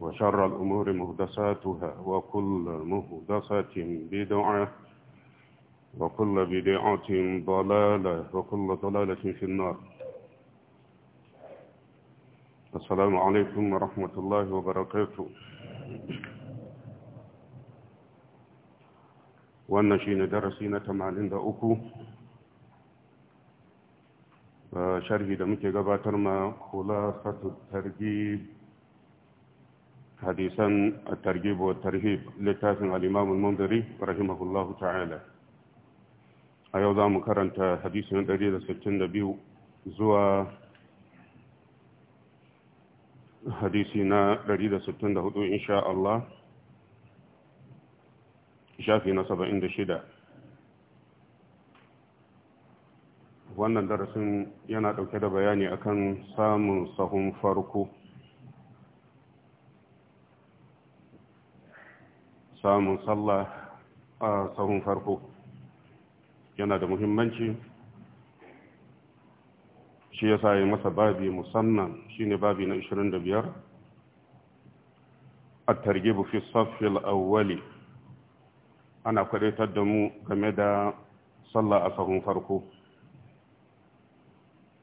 وشر الأمور مهدساتها وكل مهدسة بدعة وكل بدعة ضلالة وكل ضلالة في النار السلام عليكم ورحمة الله وبركاته wannan shi ne darasi na 83 دمك da ما خلاصة الترجيب hadisan targhib wa tarhib littafin al-imam al-mundiri rahimahullahu ta'ala a yau za mu karanta hadisin 162 zuwa hadisi na 164 insha Allah shafi na 76 wannan darasin yana dauke da bayani akan samun sahun farko samun sallah a sahun farko yana da muhimmanci shi ya sa yi masa babi musamman shine babi na 25 a targibu fi safil awwali ana kwadaitar da mu game da sallah a sahun farko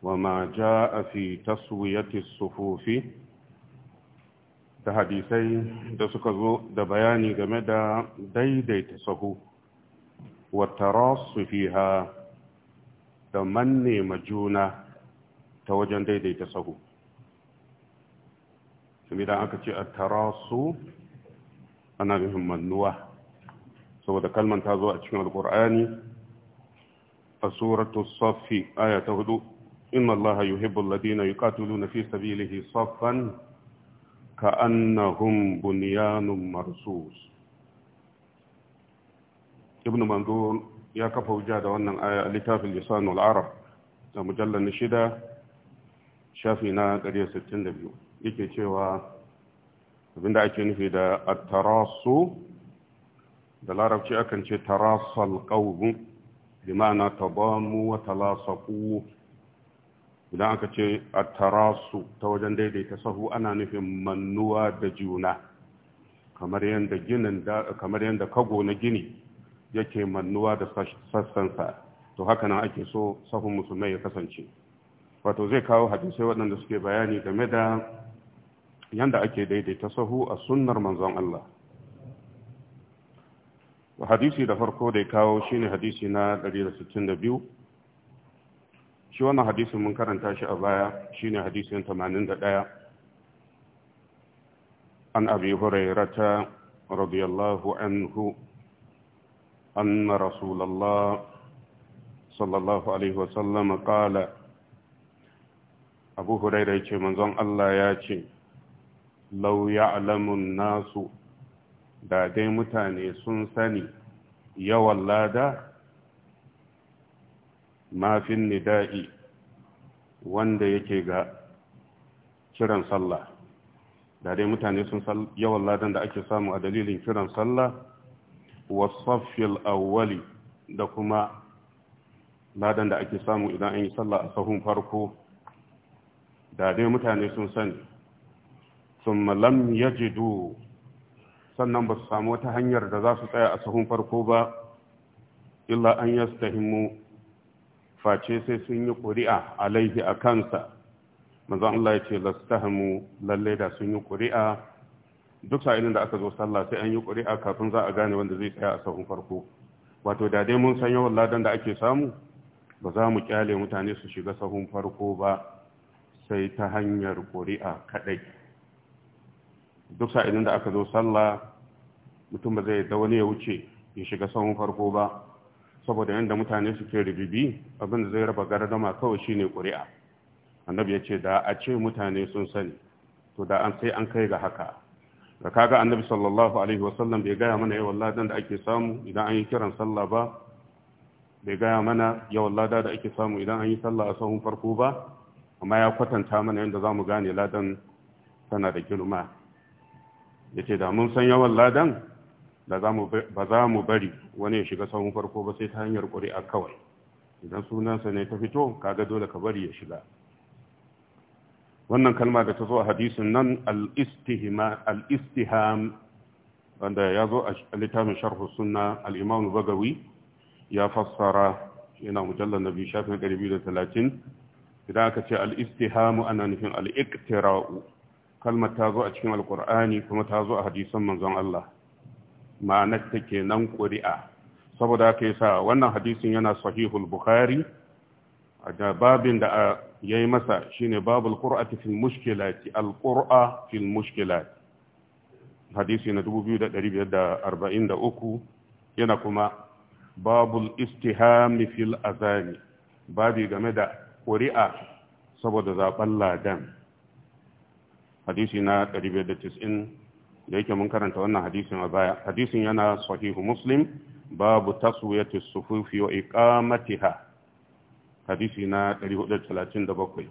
وما جاء في تسوية الصفوف da hadisai da suka zo da bayani game da daidaita sahu rasu fiha da manne majuna ta wajen daidaita sahu idan aka ce a tarasu ana nufin mannuwa saboda kalman ta zo a cikin alkur'ani a suratu safi aya ta hudu inna allaha yuhibbul ladina yuqatiluna fi sabilihi saffan Ka'an nahun binyanin Marsu. Ibn Mandawari ya kafa wujiya da wannan ayywaye, a littafin Lissanul Aram, a mujallar shida shafi na ƙariya yake cewa abinda ake nufi da atarasu da larabci akan ce ta rasu al-ƙaunun. Imana ta bamuwa idan aka ce a tarasu ta wajen daidaita sahu ana nufin mannuwa da juna kamar yadda kago na gini yake mannuwa da sassansa to haka nan ake so sahun musulmai ya kasance wato zai kawo hadisai waɗanda suke bayani game da yadda ake daidaita sahu a sunnar manzon Allah hadisi da farko da ya kawo shine hadisi na 162 shi wannan hadisin mun karanta shi a baya shine hadisin 81 an abi hurairata radiyallahu anhu أن رسول الله صلى الله عليه qala. قال أبو هريرة يقول من ظن الله يقول لو يعلم nasu. da dai mutane sun sani yawan lada mafin nida'i wanda yake ga kiran sallah da dai mutane sun yawan ladan da ake samu a dalilin kiran sallah wasaffil awwali da kuma ladan da ake samu idan an yi sallah a sahun farko da dai mutane sun sani sun malam ya sannan ba su samu wata hanyar da za su tsaya a sahun farko ba illa an yastahimu face sai sun yi ƙuri'a alaihi a kansa manzon Allah ya ce lastahamu lalle da sun yi ƙuri'a duk sa'ilin da aka zo sallah sai an yi ƙuri'a kafin za a gane wanda zai tsaya a sahun farko wato da dai mun san yawan ladan da ake samu ba za mu kyale mutane su shiga sahun farko ba sai ta hanyar ƙuri'a kaɗai duk sa'ilin da aka zo sallah mutum ba zai da wani ya wuce ya shiga sahun farko ba saboda yadda mutane suke ribibi abin da zai raba gardama kawai shine ƙuri'a annabi ya ce da a ce mutane sun sani to da an sai an kai ga haka da kaga annabi sallallahu alaihi wasallam bai gaya mana yawan ladan da ake samu idan an yi kiran sallah ba bai gaya mana yawan lada da ake samu idan an yi sallah a sahun farko ba amma ya kwatanta mana yadda za mu gane ladan tana da girma ya ce da mun san yawan ladan ba za mu bari wani ya shiga sahun farko ba sai ta hanyar ƙuri'a kawai idan sunansa ne ta fito kaga dole ka bari ya shiga wannan kalma da ta zo a hadisin nan al-istiham wanda ya zo a littafin sharhu sunna al bagawi ya fassara yana mujallar nabi shafin talatin, idan aka ce al-istihamu ana nufin al-iktira'u kalmar ta zo a cikin Alƙur'ani kuma ta zo a hadisan manzon Allah ma'anar ta kenan ƙuri'a saboda yi yasa wannan hadisin yana sahihul bukhari a babin da ya yi masa shine babul qur'ati fil mushkilati al qur'a fil mushkilat hadisi na 2543 yana kuma babul istihami fil azami. babi game da ƙuri'a saboda zaɓen ladan hadisi na 590 da yake mun karanta wannan hadisin a baya hadisin yana sahihu muslim babu taswiyati sufufi wa iqamatiha hadisi na 437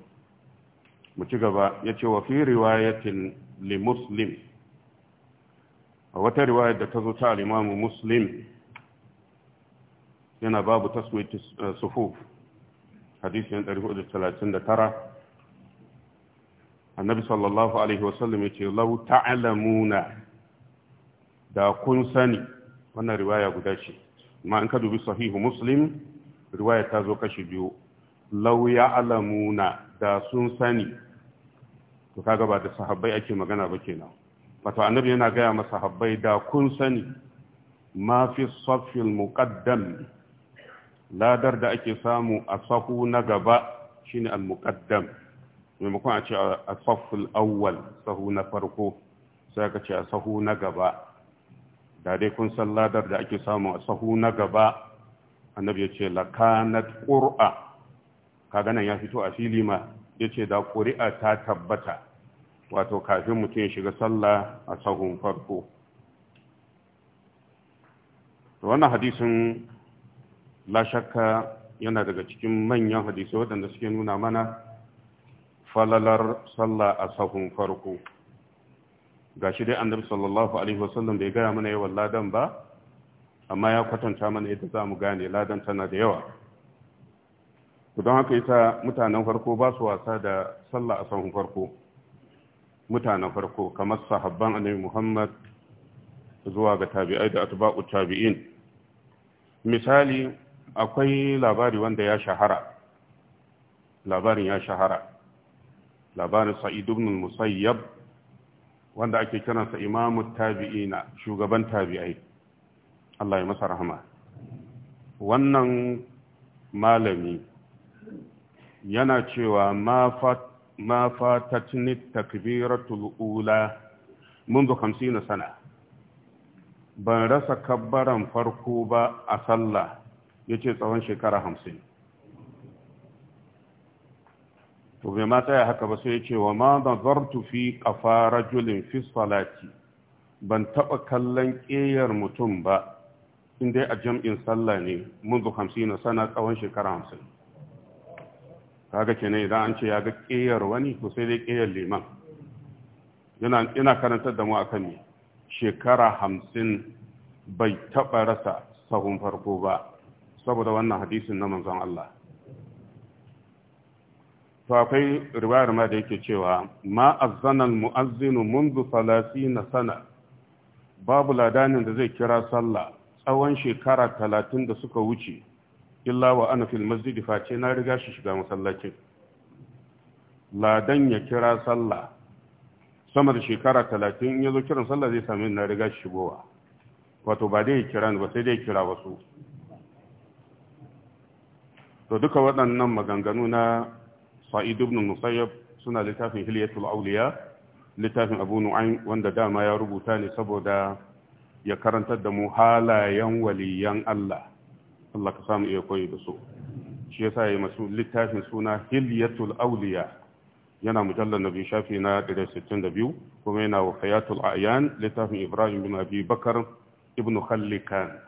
mu ci gaba yace wa fi riwayatin li muslim a wata riwayar da ta zo ta al-imamu muslim yana babu taswiyati eh, sufuf hadisi na 439 annabi sallallahu alaihi wasallam ya ce lau ta'lamuna da kun sani wannan riwaya guda ce amma in ka dubi sahihu muslim riwaya ta zo kashi biyu lau ya'lamuna da sun sani to kaga ba da sahabbai ake magana ba kenan wato annabi yana gaya ma sahabbai da kun sani ma fi safil muqaddam ladar da ake samu a sahu na gaba shine al muqaddam maimakon a ce a tsoffin awwal sahu na farko sai ka ce a sahu na gaba da dai kun san ladar da ake samu a sahu na gaba annabi ya ce lakanat ƙura kaga nan ya fito a fili ma ya ce da ƙuri'a ta tabbata wato kafin mutum ya shiga sallah a sahun farko wannan hadisin la shakka yana daga cikin manyan hadisai waɗanda suke nuna mana falalar sallah a sahun farko ga shi dai annabi sallallahu alaihi wasallam bai gaya mana yawan ladan ba amma ya kwatanta mana yadda za mu gane ladan tana da yawa don haka yasa mutanen farko ba su wasa da sallah a sahun farko mutanen farko kamar sahabban annabi muhammad zuwa ga tabi'ai da atba'u tabi'in misali akwai labari wanda ya shahara labarin ya shahara labarin sa'id ibn musayyab wanda ake kiransa imamu tabi'ina shugaban tabi'ai Allah ya masa rahama wannan malami yana cewa ma fatatni takbiratul ula منذ خمسين sana. ban rasa kabbaran farko ba a sallah yace tsawon shekara hamsin to bai ma tsaya haka ba sai ya ce wa ma nazartu fi qafa rajulin fi salati ban taba kallon ƙeyar mutum ba in dai a jam'in sallah ne hamsin na sana tsawon shekara 50 kaga kenan idan an ce ya ga ƙeyar wani to sai dai ƙeyar liman yana ina karanta da mu akan ne shekara hamsin bai taba rasa sahun farko ba saboda wannan hadisin na manzon Allah to akwai riwayar ma da yake cewa ma azzanan mu'azzinu mundu na sana babu ladanin da zai kira sallah tsawon shekara talatin da suka wuce illa wa ana fil masjidi face na riga shi shiga masallacin ladan ya kira sallah sama da shekara talatin ya zo kiran sallah zai sami na riga shi shigowa wato ba dai kira ba sai dai kira wasu to duka waɗannan maganganu na sa'id ibn musayyab suna littafin hilyatul auliya littafin abu nu'ayn wanda dama ya rubuta ne saboda ya karantar da mu halayen waliyan Allah Allah ka samu iya koyi da su shi sa ya masu littafin suna hilyatul auliya yana mujallar biyu shafi na 162 kuma yana wa hayatul ayan littafin ibrahim bin abi bakar ibn khallikan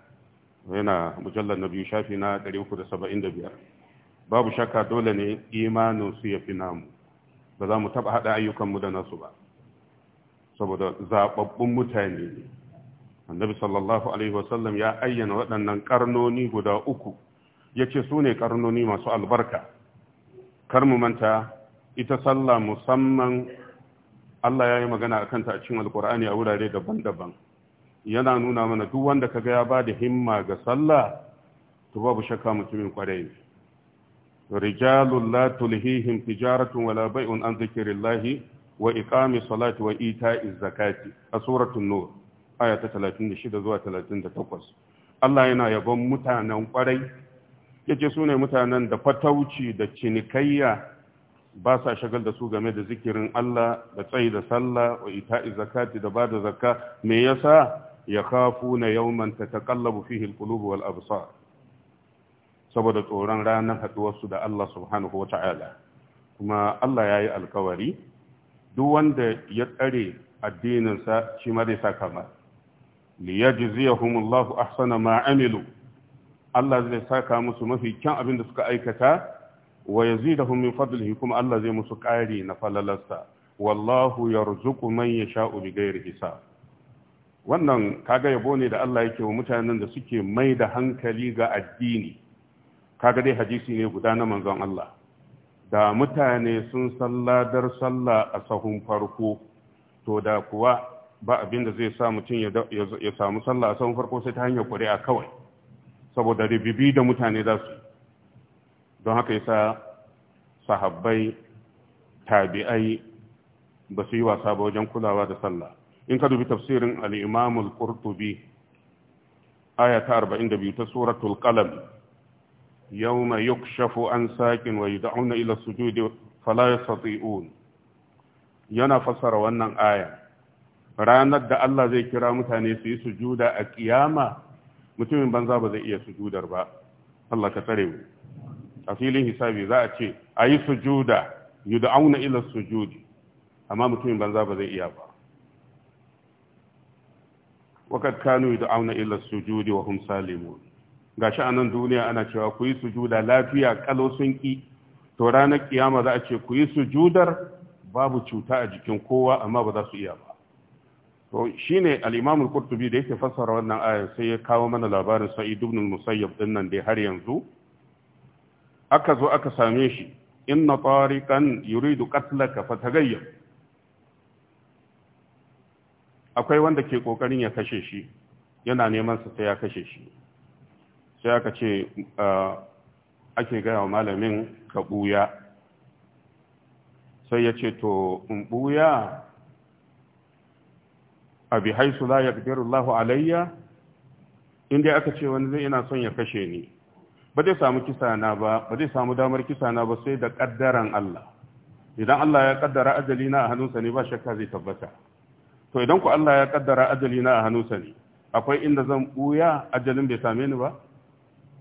yana mujallar biyu shafi na 375 babu shakka dole ne imaninsu ya fi namu ba za mu taɓa haɗa ayyukanmu da nasu ba saboda zaɓaɓɓun mutane ne annabi sallallahu alaihi wasallam ya ayyana waɗannan ƙarnoni guda uku ya ce su ne ƙarnoni masu albarka kar mu manta ita sallah musamman Allah ya yi magana a kanta a cikin alkur'ani a wurare daban-daban yana nuna mana duk wanda ka ga ya ba da himma ga sallah to babu shakka mutumin kwarai ne rijalun la tulhihim tijaratun wala bai'un an zikirillahi wa iqami salati wa ita'iz zakati a suratul aya ta 36 zuwa 38 Allah yana yabon mutanen kwarai yace sune mutanen da fatauci da cinikayya ba sa shagal da su game da zikirin Allah da tsayi da sallah wa ita'iz zakati da bada zakka me yasa ya na yawman tataqallabu fihi alqulubu wal absar saboda tsoron ranar haduwarsu da Allah subhanahu wa ta'ala kuma Allah ya yi alkawari duk wanda ya tsare addininsa shi ma zai saka ma liyajziyahumullahu ahsana ma amilu Allah zai saka musu mafi kyan abin da suka aikata wa yazidahum min fadlihi kuma Allah zai musu ƙari na falalarsa wallahu yarzuqu man yasha'u bighairi hisab wannan kaga yabo ne da Allah yake wa mutanen da suke mai da hankali ga addini kaga dai hadisi ne guda na manzon Allah da mutane sun salladar sallah a sahun farko to da kuwa ba abin da zai sa mutum ya samu sallah a sahun farko sai ta hanyar a kawai saboda ribibi da mutane za su don haka yasa sahabbai tabi'ai ba su yi wasa ba wajen kulawa da sallah in ka dubi tafsirin al-imam al-qurtubi aya ta 42 ta suratul qalam يوم يكشف عن ساك ويدعون الى السجود فلا يستطيعون yana fassara wannan aya ranar da Allah zai kira mutane su yi sujuda a kiyama mutumin banza ba zai iya sujudar ba Allah ka tsare mu a filin hisabi za a ce a yi sujuda yud'auna ila sujudi amma mutumin banza ba zai iya ba kanu كانوا ila إلى wa hum salimun gashi a nan duniya ana cewa ku yi sujuda lafiya kalo sun ki to ranar kiyama za a ce ku yi sujudar babu cuta a jikin kowa amma ba za su iya ba to shine al-Imam al-Qurtubi da yake fassara wannan aya sai ya kawo mana labarin Sa'id ibn al-Musayyab din nan dai har yanzu aka zo aka same shi inna tariqan yuridu qatlaka fatagayyab akwai wanda ke kokarin ya kashe shi yana neman sa sai ya kashe shi sai aka ce ake gaya wa malamin ka ɓuya sai ya ce to in ɓuya a bi haisu la ya Allahu alayya inda aka ce wani zai ina son ya kashe ni ba zai samu kisa na ba ba zai samu damar kisa na ba sai da kaddaran Allah idan Allah ya kaddara ajali na a hannunsa ne ba shakka zai tabbata to idan ku Allah ya kaddara ajali na a hannunsa ne akwai inda zan buya ajalin bai same ni ba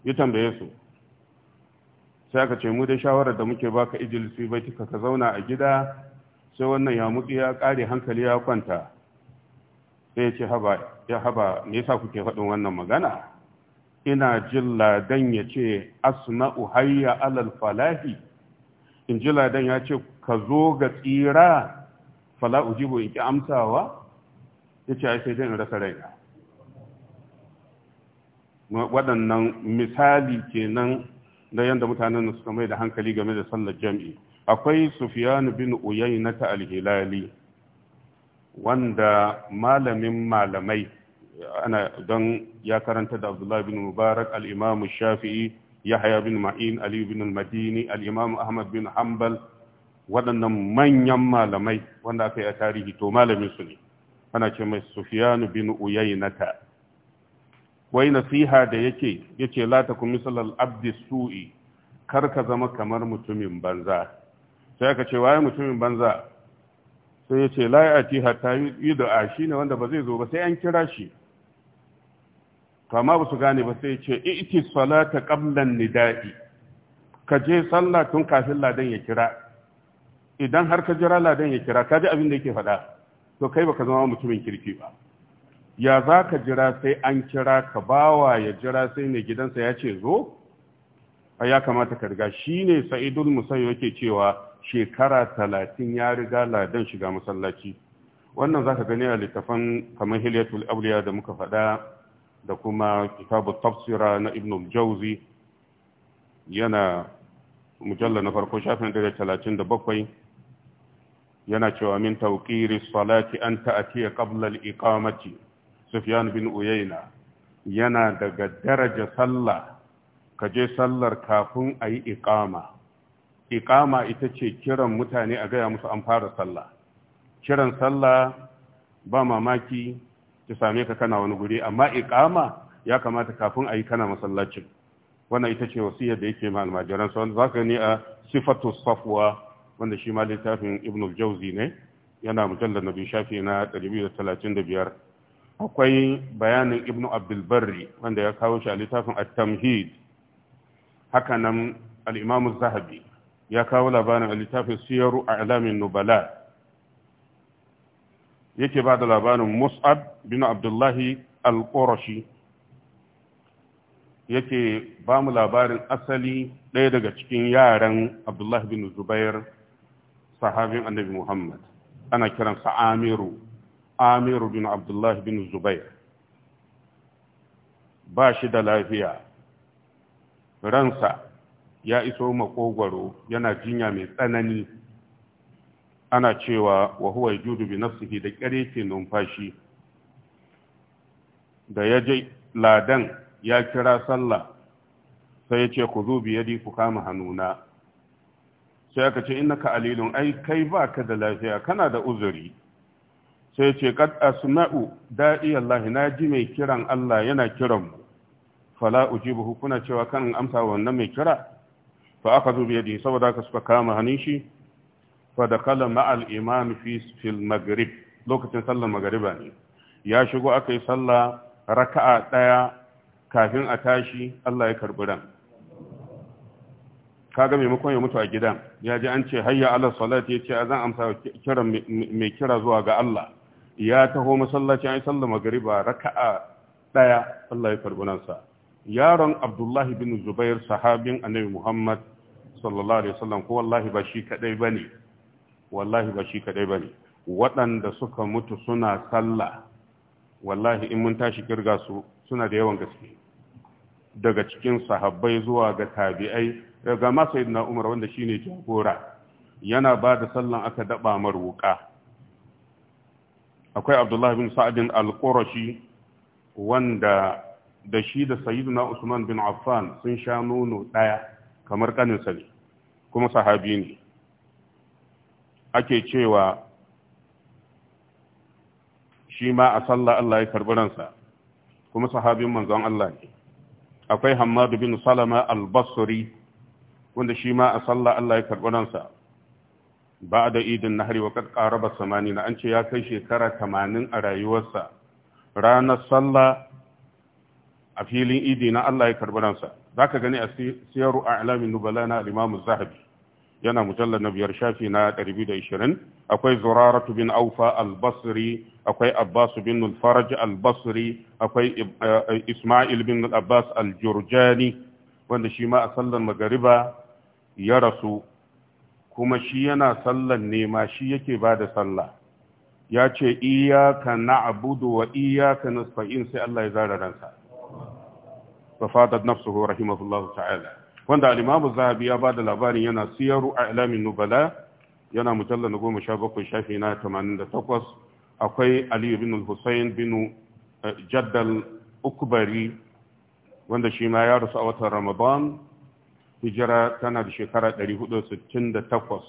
ya tambaye su sai aka ce mu dai shawarar da muke baka ijilisi bai tuka ka zauna a gida sai wannan ya mutu ya kare hankali ya kwanta sai ya ce haba ya haba me yasa kuke faɗin wannan magana ina jin ladan ya ce asna'u hayya alal falahi in ji ladan ya ce ka zo ga tsira fala ujibu in ki amsawa ya ce ai sai dai in rasa raina waɗannan misali kenan da yadda mutanen suka mai da hankali game da sallar jami'i, akwai sufiyanu bin na ta alhilali wanda malamin malamai ana don ya karanta da abdullahi bin mubarak al'imamu shafi'i yahaya bin ma'in aliyu bin madini al'imamu ahmad bin hanbal waɗannan manyan malamai wanda aka yi a tarihi to malamin su ne ana ce mai sufiyanu bin na ta. wai nasiha da yake yace la takum misal abdi su'i kar ka zama kamar mutumin banza sai aka ce waye mutumin banza sai yace la yati hatta shi shine wanda ba zai zo ba sai an kira shi to ba su gane ba sai yace iti salata qabla nida'i ka je sallah tun kafin ladan ya kira idan har ka jira ladan ya kira ka ji abin da yake faɗa to kai baka zama mutumin kirki ba ya za ka jira sai an kira ka bawa ya jira sai mai gidansa ya ce zo a ya kamata ka riga shi ne sa'idul musayi yake cewa shekara talatin ya riga ladan shiga masallaci wannan za ka gani a littafan kamar hilliyatul abliya da muka faɗa da kuma kitabu tafsira na ibn jauzi yana mujalla na farko shafin da talatin bakwai, yana cewa min tauƙiri salati an ta'atiya qabla al-iqamati sufyan bin uyayna yana daga daraja sallah ka je sallar kafin a yi iƙama iƙama ita ce kiran mutane a gaya musu an fara sallah kiran sallah ba mamaki ta same ka kana wani guri amma iƙama ya kamata kafin a yi kana masallacin wannan ita ce wasiyar da yake ma almajiran sa wanda ka ne a sifatu safuwa wanda shi ma littafin ibn jauzi ne yana mujallar biyu shafi na 235 akwai bayanin ibnu abdulbarri wanda ya kawo shi a littafin at-tamhid hakanan al zahabi ya kawo labarin a littafin siyaru a alamin nubala yake ba da labarin mus'ab bin abdullahi al-qurashi yake ba mu labarin asali ɗaya daga cikin yaran abdullahi bin zubair sahabin annabi muhammad ana kiransa amiru amiru bin abdullahi bin zubair ba shi da lafiya ransa ya iso maƙogwaro yana jinya mai tsanani ana cewa wa huwa yujudu bi nafsihi da kare numfashi da ya je ladan ya kira sallah sai yace ku zo bi yadi ku kama hannuna sai aka ce innaka alilun ai kai baka da lafiya kana da uzuri sai ce kad asma'u da'i Allah na ji mai kiran Allah yana kiran mu fala ujibu hukuna cewa kan amsa wannan mai kira fa akhadhu bi yadihi saboda ka suka kama hannun shi fa dakala ma'al imam fi fil maghrib lokacin sallar magriba ne ya shigo aka yi sallah raka'a daya kafin a tashi Allah ya karbi ran kaga maimakon ya mutu a gidan ya ji an ce hayya ala salati ya ce azan zan amsa kiran mai kira zuwa ga Allah ya taho masallacin ai sallar magriba raka'a daya Allah ya karbi sa. yaron Abdullahi bin Zubair sahabin Annabi Muhammad sallallahu alaihi wasallam ko wallahi ba shi kadai bane wallahi ba shi kadai bane waɗanda suka mutu suna sallah wallahi in mun tashi kirga su suna da yawan gaske daga cikin sahabbai zuwa ga tabi'ai ga ma sayyidina Umar wanda shine jagora yana ba da sallan aka daba mar akwai abdullah bin sa'adin al-qurashi wanda da shi da sayyiduna usman bin affan sun sha nono daya kamar sa ne kuma sahabi ne ake cewa shi ma a sallah Allah ya karbi ransa kuma sahabin manzon Allah ne akwai Hammad bin Salama al-Basri wanda shi ma a sallah Allah ya karbi ransa ba da idin nahari wa kad samani samanina an ce ya kai shekara tamanin a rayuwarsa ranar sallah a filin idi na Allah ya karbi ransa zaka gani a siyaru a'lamin nubala na limamin zahabi yana mujallar na biyar shafi na 220 akwai zuraratu bin aufa al-basri akwai abbas bin al al-basri akwai eh, isma'il bin abbas al-jurjani wanda shi ma a sallar magariba ya rasu kuma shi yana sallan nema shi yake ba da sallah ya ce iyaka na'budu wa iyaka nasta'in sai Allah ya zara ransa fa fadat nafsuhu rahimahullahu ta'ala wanda al-imam az-zahabi ya bada labarin yana siyaru a'lamin nubala yana mujallal 17 shafi na 88 akwai ali ibn al-husayn bin eh, jaddal ukbari wanda shi ma ya rasu a watan ramadan hijira tana da shekara 468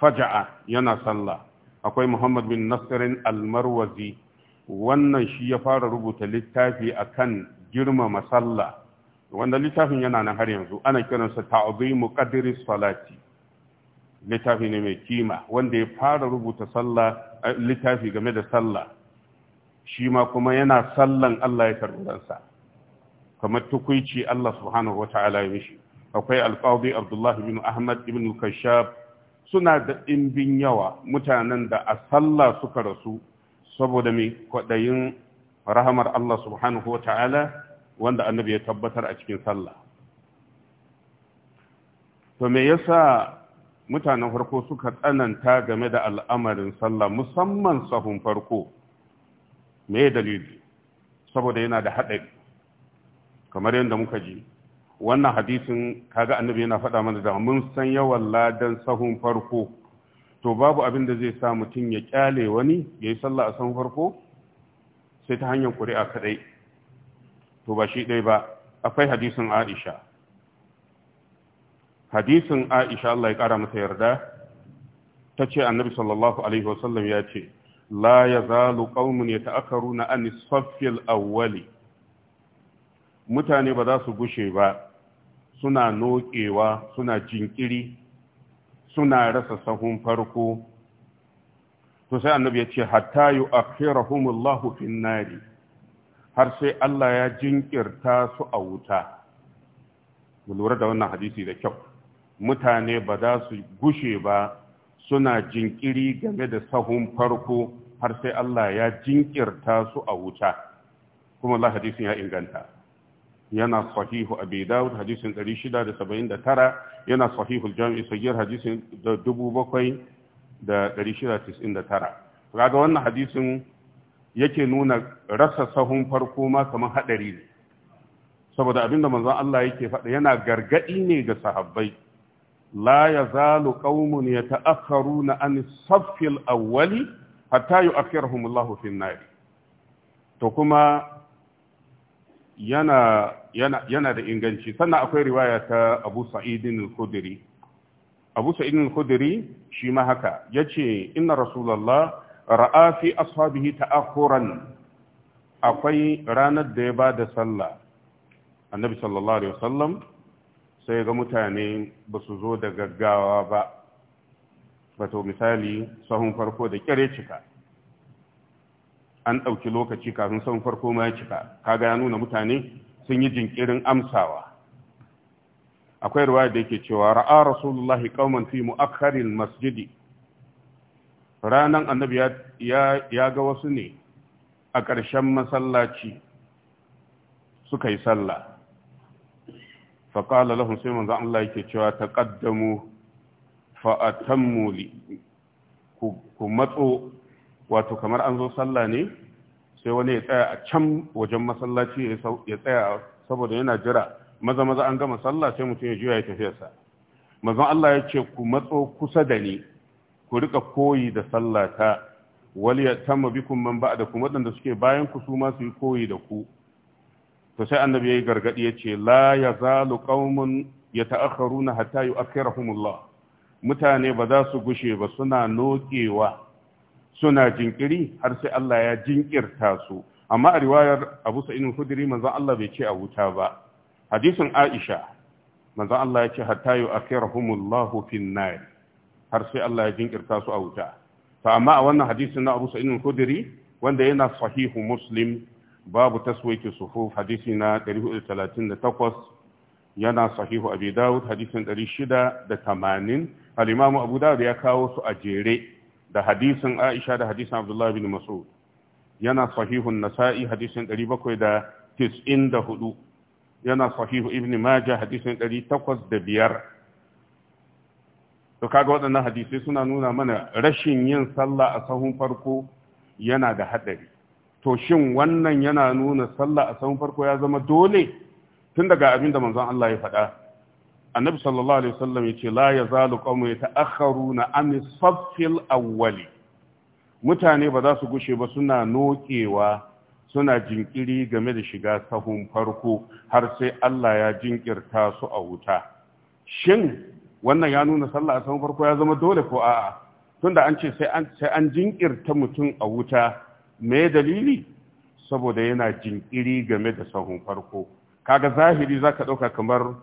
faja'a yana sallah akwai muhammad bin nasirin almarwazi wannan shi ya fara rubuta littafi akan girmama sallah wanda littafin yana nan har yanzu ana kiransa ta'zimu qadri salati littafi ne mai kima wanda ya fara rubuta sallah eh, littafi game da sallah shi ma kuma yana sallan Allah ya karbi ransa kamar tukuici Allah subhanahu wata'ala ya mishi akwai alƙawdi abdullahi bin ahmad ibn kashab suna da ɗimbin yawa mutanen da a sallah suka rasu saboda mai kwaɗayin rahamar Allah subhanahu wa ta'ala wanda annabi ya tabbatar a cikin sallah to me yasa mutanen farko suka tsananta game da al'amarin sallah musamman sahun farko me dalili saboda yana da haɗari kamar yadda muka ji wannan hadisin kaga annabi yana faɗa mana da mun san yawan ladan sahun farko to babu abin da zai sa mutum ya kyale wani ya yi sallah a sahun farko sai ta hanyar ƙuri'a kaɗai to ba shi ɗai ba akwai hadisin aisha hadisin aisha Allah ya ƙara mata yarda ta ce annabi sallallahu alaihi wasallam ya ce la ya zalu ƙaunin ya ta'akaru na awwali mutane ba za su gushe ba suna nokewa suna jinkiri suna rasa sahun farko to sai annabi ya ce hatta yu akhirahumullahu fin nari har sai Allah ya jinkirta su a wuta mu lura da wannan hadisi da kyau mutane ba za su gushe ba suna jinkiri game da sahun farko har sai Allah ya jinkirta su a wuta kuma Allah hadisin ya inganta yana sahihu abi dawud hadisin 679 yana sahihul jami'i sayyar hadisin 7699 kaga wannan hadisin yake nuna rasa sahun farko ma kamar hadari ne saboda abinda manzon Allah yake faɗa yana gargaɗi ne ga sahabbai la yazalu qaumun yata'akhkharuna an as-saffil awwali hatta yu Allahu fi an to kuma yana yana yana da inganci sannan akwai riwaya ta Abu Sa'id al-Khudri Abu Sa'id al-Khudri shi ma haka yace inna rasulullah ra'a fi ashabihi ta'akhuran akwai ranar da ya ba da sallah annabi sallallahu alaihi wasallam sai ga mutane ba su zo da gaggawa ba wato misali sahun farko da kyare cika an ɗauki lokaci kafin son farko ma ya cika kaga ya nuna mutane sun yi jinkirin amsawa akwai ruwa da yake cewa ra'a rasulullahi kauman fi mu'akharil masjidi ranan annabi ya ya ga wasu ne a ƙarshen masallaci suka yi sallah fa qala lahum sai manzo Allah yake cewa ta fa atammu li ku matso wato kamar an zo sallah ne sai wani ya tsaya a can wajen masallaci ya tsaya saboda yana jira maza maza an gama sallah sai mutum ya juya ya tafiyarsa mazan Allah ya ce ku matso kusa da ni ku rika koyi da Sallah ta wal yatamma bikum man ba'dakum wadanda suke bayan ku su ma su yi koyi da ku to sai annabi yayi gargadi ya ce la yazalu qaumun yata'akharuna hatta yu'akhirahumullah mutane ba za su gushe ba suna nokewa suna jinkiri har sai Allah ya jinkirta su amma a riwayar Abu Sa'id al-Khudri manzon Allah bai ce a wuta ba hadisin Aisha manzon Allah ya ce hatta yu'akhirahumullahu fin nar har sai Allah ya jinkirta su a wuta to amma a wannan hadisin na Abu Sa'id al-Khudri wanda yana sahihu Muslim babu taswiki sufuf hadisi na 438 yana sahihu Abi Dawud hadisin 680 al-Imam Abu Dawud ya kawo su a jere da hadisin Aisha da hadisin Abdullah bin Mas'ud yana sahihun Nasa'i hadisin 794 yana sahihu Ibn Majah hadisin 805 to kaga waɗannan hadisai suna nuna mana rashin yin sallah a sahun farko yana da haɗari to shin wannan yana nuna sallah a sahun farko ya zama dole tun daga abin da manzon Allah ya faɗa annabi sallallahu alaihi wasallam yace la yazalu qawmu yata'akhkharuna an safil awwali mutane ba za su gushe ba suna nokewa suna jinkiri game da shiga sahun farko har sai Allah ya jinkirta su a wuta shin wannan ya nuna sallah a sahun farko ya zama dole ko a'a tunda an ce sai an sai an jinkirta mutum a wuta me dalili saboda yana jinkiri game da sahun farko kaga zahiri zaka dauka kamar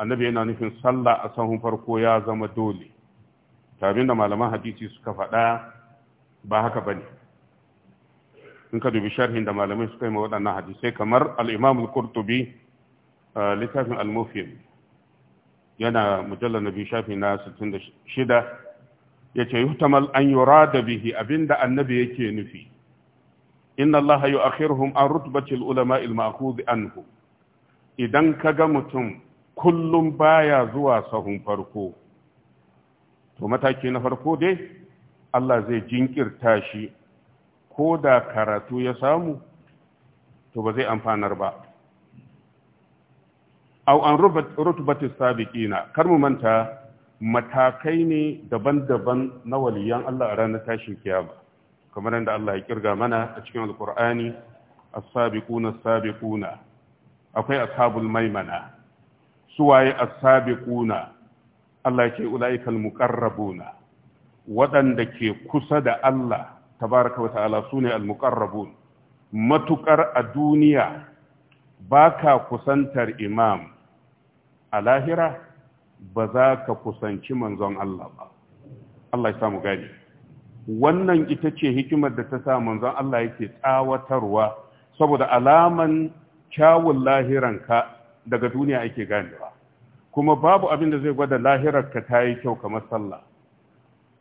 annabi yana nufin sallah a sahun farko ya zama dole tabin da malaman hadisi suka faɗa ba haka ne. in ka dubi sharhin da malamai suka yi ma waɗannan hadisai kamar al-imam al-qurtubi eh, littafin al-mufid yana mujallar nabi shafi na 66 yace hutamal an yurada bihi abinda annabi yake nufi inna allaha yu'akhiruhum an rutbati ulama al-ma'khudh anhu idan ka ga mutum kullum baya zuwa sahun farko to mataki na farko dai Allah zai jinkirta shi ko da karatu ya samu to ba zai amfanar ba au an rutubati sabiqina kar mu manta matakai ne daban-daban na waliyan Allah a ranar tashin kiyama kamar yadda Allah ya kirga mana a cikin alkur'ani as-sabiquna as-sabiquna akwai ashabul maimana suwaye as-sabiquna Allah yake ulaikal muqarrabuna waɗanda ke kusa da Allah tabaraka wata'ala sune al-muqarrabun Matuƙar a duniya baka kusantar imam a lahira ba za ka kusanci manzon Allah ba Allah ya samu gani wannan ita ce hikimar da ta sa manzon Allah yake tsawatarwa saboda alaman kyawun lahiranka daga duniya ake ganewa kuma babu abin da zai gwada lahirar ka ta yi kyau kamar sallah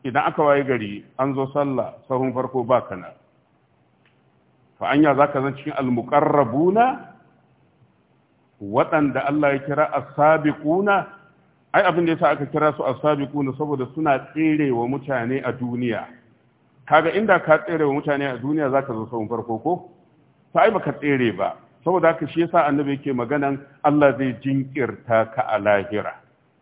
idan aka waye gari an zo sallah sahun farko ba kana fa anya za ka zan cikin almuqarrabuna waɗanda Allah ya kira as-sabiquna ai abin da yasa aka kira su as-sabiquna saboda suna tserewa mutane a duniya kaga inda ka tserewa mutane a duniya zaka zo sahun farko ko fa ai baka tsere ba saboda haka shi yasa annabi yake maganan Allah zai jinkirta ka a lahira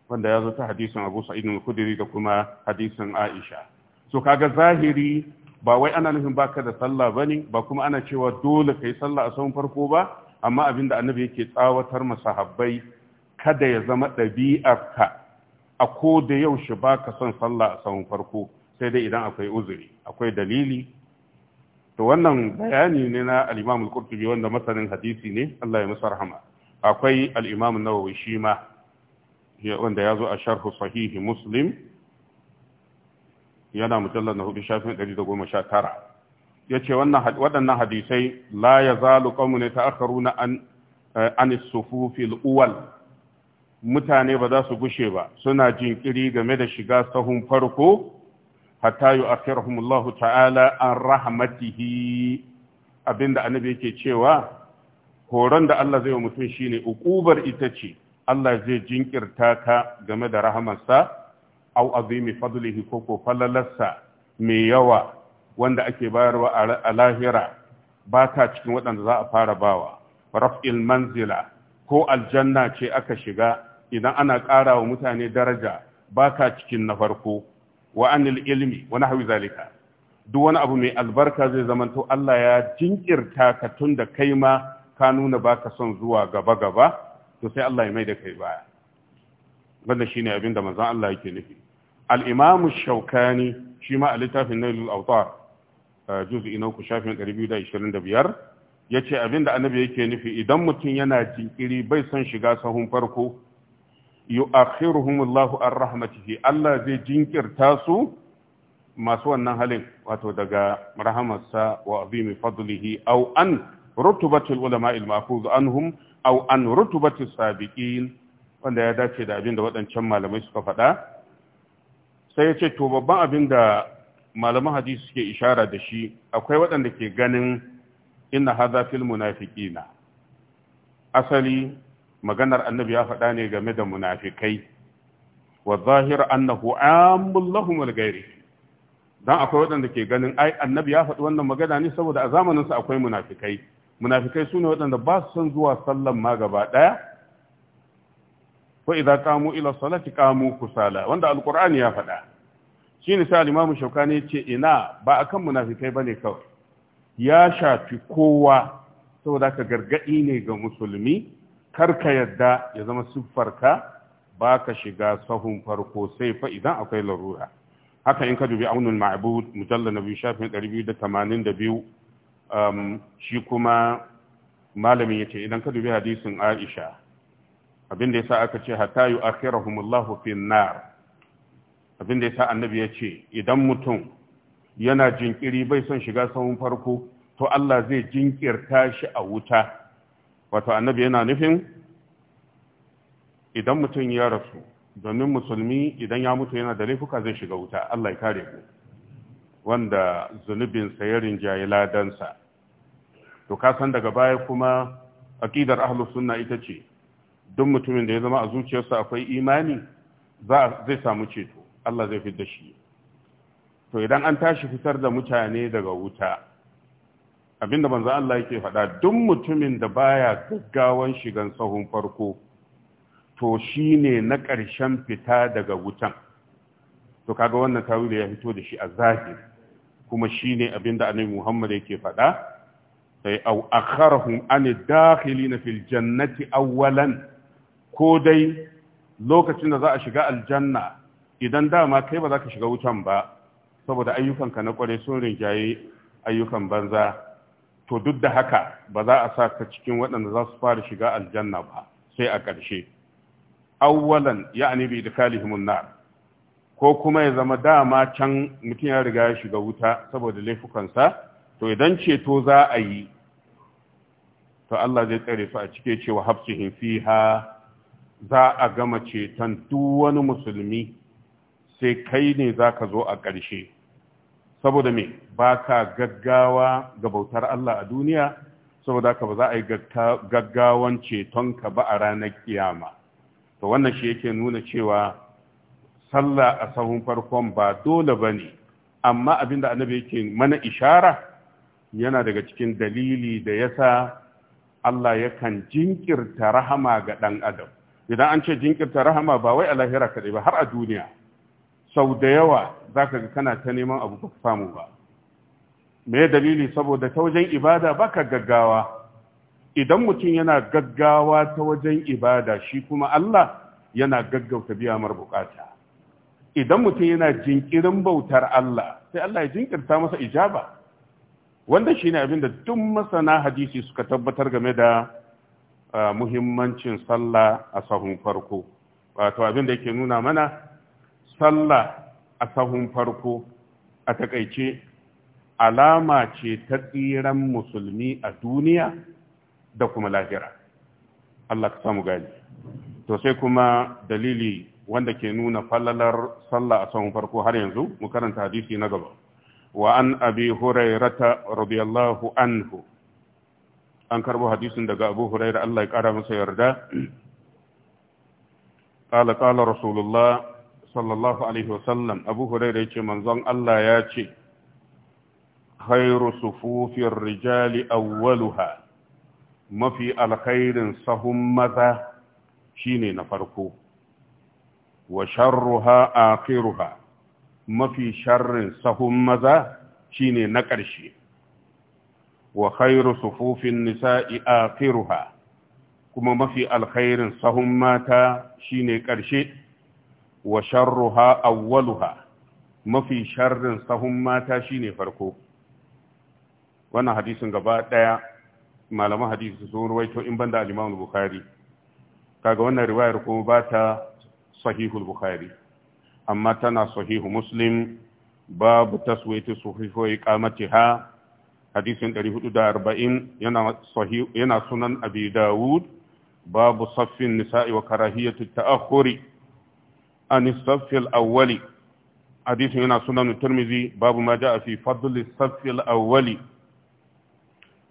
wanda ya zo ta hadisin Abu Sa'id al-Khudri da kuma hadisin Aisha so kaga zahiri ba wai ana nufin baka da sallah bane ba kuma ana cewa dole kai sallah a saman farko ba amma abinda annabi yake tsawatar masahabbai kada ya zama ka a ko da yaushe baka son sallah a saman farko sai dai idan akwai uzuri akwai dalili to wannan bayani ne na al-Imam al-Qurtubi wanda masanin hadisi ne Allah ya masa rahama akwai al-Imam an-Nawawi shi ma wanda ya zo a sharh sahih Muslim yana mujallal na hudu shafin 119 yace wannan waɗannan hadisai la yazalu qaumun yata'akharuna an eh, an as-sufuf al-awwal mutane ba za su gushe ba suna jin jinkiri game da shiga sahun farko hatta yu'akhirhum Allah ta'ala an rahmatihi abinda annabi yake cewa horon da Allah zai wa mutum shine uqubar ita ce Allah zai jinkirta ka game da rahamarsa au azimi fadlihi ko ko falalarsa mai yawa wanda ake bayarwa a lahira ba ta cikin waɗanda za a fara bawa raf'il manzila ko aljanna ce aka shiga idan ana ƙara wa mutane daraja ba ka cikin na farko wa anil ilmi wani nahwi zalika duk wani abu mai albarka zai zamanto Allah ya jinkirta ka tun da kai ma ka nuna baka son zuwa gaba gaba to sai Allah ya mai da kai baya wanda shine abin da manzon Allah yake nufi al-imam shaukani shi ma a littafin nailul awtar juz'i na uku shafin 225 yace abin da annabi yake nufi idan mutum yana jinkiri bai son shiga sahun farko yu'akhiruhum Allahu an rahmatihi Allah zai jinkirta su masu wannan halin wato daga rahamarsa wa azimi fadlihi aw an rutubatul ulama al ma'khuz anhum aw an rutubatus sabiqin wanda ya dace da abin da waɗancan malamai suka faɗa sai ya ce to babban abin da malaman hadisi suke ishara da shi akwai waɗanda ke ganin inna hadha fil munafiqina asali maganar annabi ya faɗa ne game da munafikai wa zahir annahu amul lahum wal ghairi dan akwai waɗanda ke ganin ai annabi ya faɗi wannan magana ne saboda a zamanin sa akwai munafikai munafikai sune waɗanda ba su son zuwa sallan ma gaba daya fa idza qamu ila salati qamu kusala wanda alqur'ani ya faɗa shine sai al-imamu shaukani yace ina ba akan munafikai bane kawai ya shafi kowa saboda ka gargadi ne ga musulmi karka yadda ya zama siffarka ba ka shiga sahun farko sai fa idan akwai larura haka in ka dubi aunul ma'bud mujallar na biyu shafin 282 um, shi kuma malamin ya ce idan ka dubi hadisin aisha abin da ya sa aka ce hatta yi allahu fi nar abin da ya sa annabi ya ce idan mutum yana jinkiri bai son shiga sahun farko to Allah zai jinkirta shi a wuta wato annabi yana nufin idan mutum ya rasu domin musulmi idan ya mutu yana da laifuka zai shiga wuta Allah ya kare ku wanda zunubinsa ya rinjaye ladansa to kasan daga baya kuma aƙidar ahlus sunna ita ce duk mutumin da ya zama a zuciyarsa akwai imani zai samu ceto Allah zai fi da shi to idan an tashi fitar da mutane daga wuta Abin da manzo Allah yake faɗa duk mutumin da baya gaggawan shigan sahun farko to shine na ƙarshen fita daga wutan to kaga wannan tawili ya fito da shi a zahiri kuma shine abinda annabi Muhammad yake faɗa sai eh, au akharhum an dakhilina fil jannati awwalan ko dai lokacin da za a shiga aljanna idan dama kai ba za ka shiga wutan ba saboda ayyukanka na kware sun rinjaye ayyukan banza to duk da haka ba za a sa ka cikin waɗanda za su fara shiga aljanna ba sai a ƙarshe awwalan ya'ani bi da nar ko kuma ya zama dama can mutum ya riga ya shiga wuta saboda laifukansa to idan ceto za a yi to Allah zai tsare su a cike cewa hafsihim fiha za a gama ceton duk wani musulmi sai kai ne za ka zo a ƙarshe saboda me ba ka gaggawa ga bautar Allah a duniya saboda ka ba za a yi gaggawan ceton ka ba a ranar kiyama to wannan shi yake nuna cewa sallah a sahun farkon ba dole ba ne amma abinda annabi yake mana ishara yana daga cikin dalili da yasa Allah yakan jinkirta rahama ga ɗan adam idan an ce jinkirta rahama ba wai a lahira kaɗai ba har a duniya sau da yawa za ka ga kana ta neman abu ba samu ba me dalili saboda ta wajen ibada baka gaggawa idan mutum yana gaggawa ta wajen ibada shi kuma Allah yana gaggauta biya mar bukata idan mutum yana jinkirin bautar Allah sai Allah ya jinkirta masa ijaba wanda shine abin da duk masana hadisi suka tabbatar game da ah, muhimmancin sallah a sahun farko wato abin da yake nuna mana sallah a sahun farko a takaice alama ce ta tsiran musulmi a duniya da kuma lahira Allah ka samu gani to sai kuma dalili wanda ke nuna fallalar sallah a sahun farko har yanzu mu karanta hadisi na gaba wa an abi hurairata radiyallahu anhu an karbo hadisin daga abu huraira Allah ya kara masa yarda قال قال رسول الله sallallahu alaihi wasallam abu huraira ce manzon Allah ya ce khairu sufufin rijali awwaluha mafi alkhairin sahun maza shine na farko wa sharruha akhiruha mafi sharrin sahun maza shine na ƙarshe wa khairu sufufin nisa'i akhiruha kuma mafi alkhairin sahun mata shine ƙarshe wa sharruha awwaluha mafi sharrin sahun mata shine farko wannan hadisin gaba daya malaman hadisi sun ruwaito in banda al-Imam Bukhari kaga wannan riwayar kuma ba ta sahihul Bukhari amma tana sahihu Muslim babu taswiyatu suhihu iqamatiha hadisin 440 yana sahih yana sunan Abi Dawud babu saffin nisa'i wa karahiyatu ta'akhuri an safil awwali hadisin yana sunan turmizi babu ma ja'a fi fadl safil awwali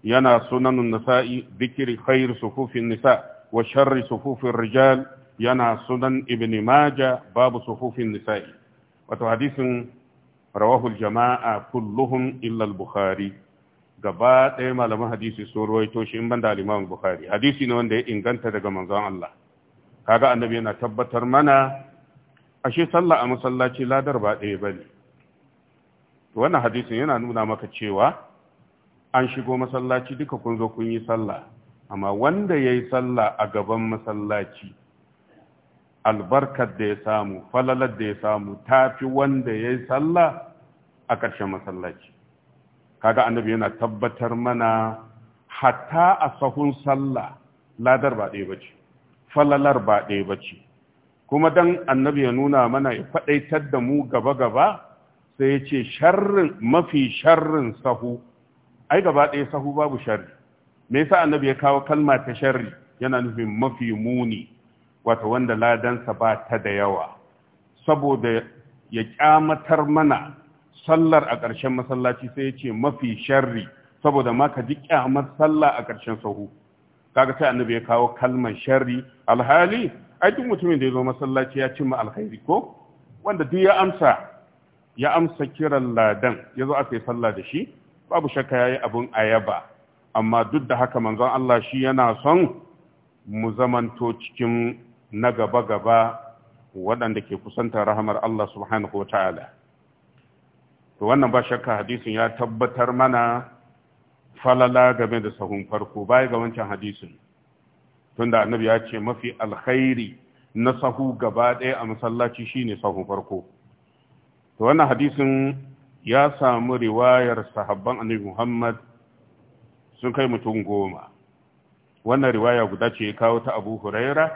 yana sunan nasa'i dhikri khair sufufin nisa wa sharri sufufin rijal yana sunan ibn maja babu sufufin nisa'i wato hadisin rawahu jama'a kulluhun illal al-bukhari gaba ɗaya malaman hadisin, sun ruwaito shi in ban da bukhari hadisi ne wanda ya inganta daga manzon Allah kaga annabi yana tabbatar mana ashe sallah a masallaci ladar ba ɗaya ba ne wannan hadisin yana nuna maka cewa an shigo masallaci duka kun zo kun yi sallah amma wanda ya yi sallah a gaban masallaci albarkar da ya samu falalar da ya samu ta fi wanda ya yi sallah a ƙarshen masallaci kaga annabi yana tabbatar mana hatta a sahun sallah ladar ba ɗaya ba ce falalar ba ɗaya ba ce kuma dan annabi ya nuna mana ya faɗaitar da mu gaba-gaba sai ya ce sharrin mafi sharrin sahu ai gaba ɗaya sahu babu sharri me yasa annabi ya kawo kalma ta sharri yana nufin mafi muni wato wanda ladansa ba ta da yawa saboda ya kyamatar mana sallar a ƙarshen masallaci sai ya ce mafi sharri saboda ma ka ji kyamar sallah a ƙarshen sahu kaga sai annabi ya kawo kalmar sharri alhali ai duk mutumin da ya zo masallaci ya cimma alkhairi ko wanda duk ya amsa ya amsa kiran ladan ya zo aka yi sallah da shi babu shakka ya yi abin ayaba amma duk da haka manzon Allah shi yana son mu zamanto cikin na gaba-gaba waɗanda ke kusanta rahamar Allah subhanahu wa ta'ala. To wannan ba shakka hadisin ya tabbatar mana falala game da sahun farko baya ga wancan hadisin. tunda annabi ya ce mafi alkhairi na sahu gaba ɗaya a masallaci shine sahun farko to wannan hadisin ya samu riwayar sahabban annabi Muhammad sun kai mutum goma wannan riwaya guda ce kawo ta Abu Huraira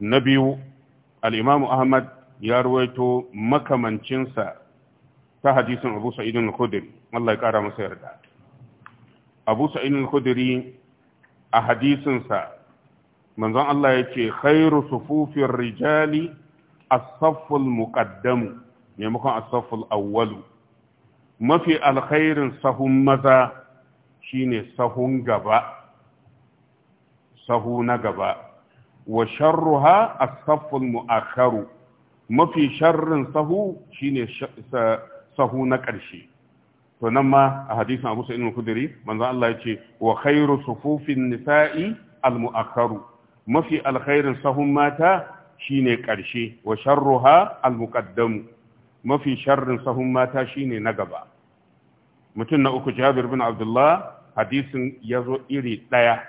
na biyu al-Imam Ahmad ya ruwaito makamancinsa ta hadisin Abu Sa'id al-Khudri Allah ya kara masa yarda Abu Sa'id al-Khudri a hadisinsa manzon Allah ya ce khairu sufufin rijali as-safful muqaddamu maimakon as-safful awwalu mafi alkhairin sahun maza shine sahun gaba sahu na gaba wa sharruha as-safful mu'akharu mafi sharrin sahu shine sahu na ƙarshe to nan ma a hadisin Abu Sa'id al manzon Allah ya ce wa khairu sufufin nisa'i al-mu'akharu mafi alkhairin sahun mata shine ƙarshe wa sharruha almuqaddamu mafi sharrin sahun mata shine na gaba mutum na uku Jabir bin Abdullah hadisin yazo iri daya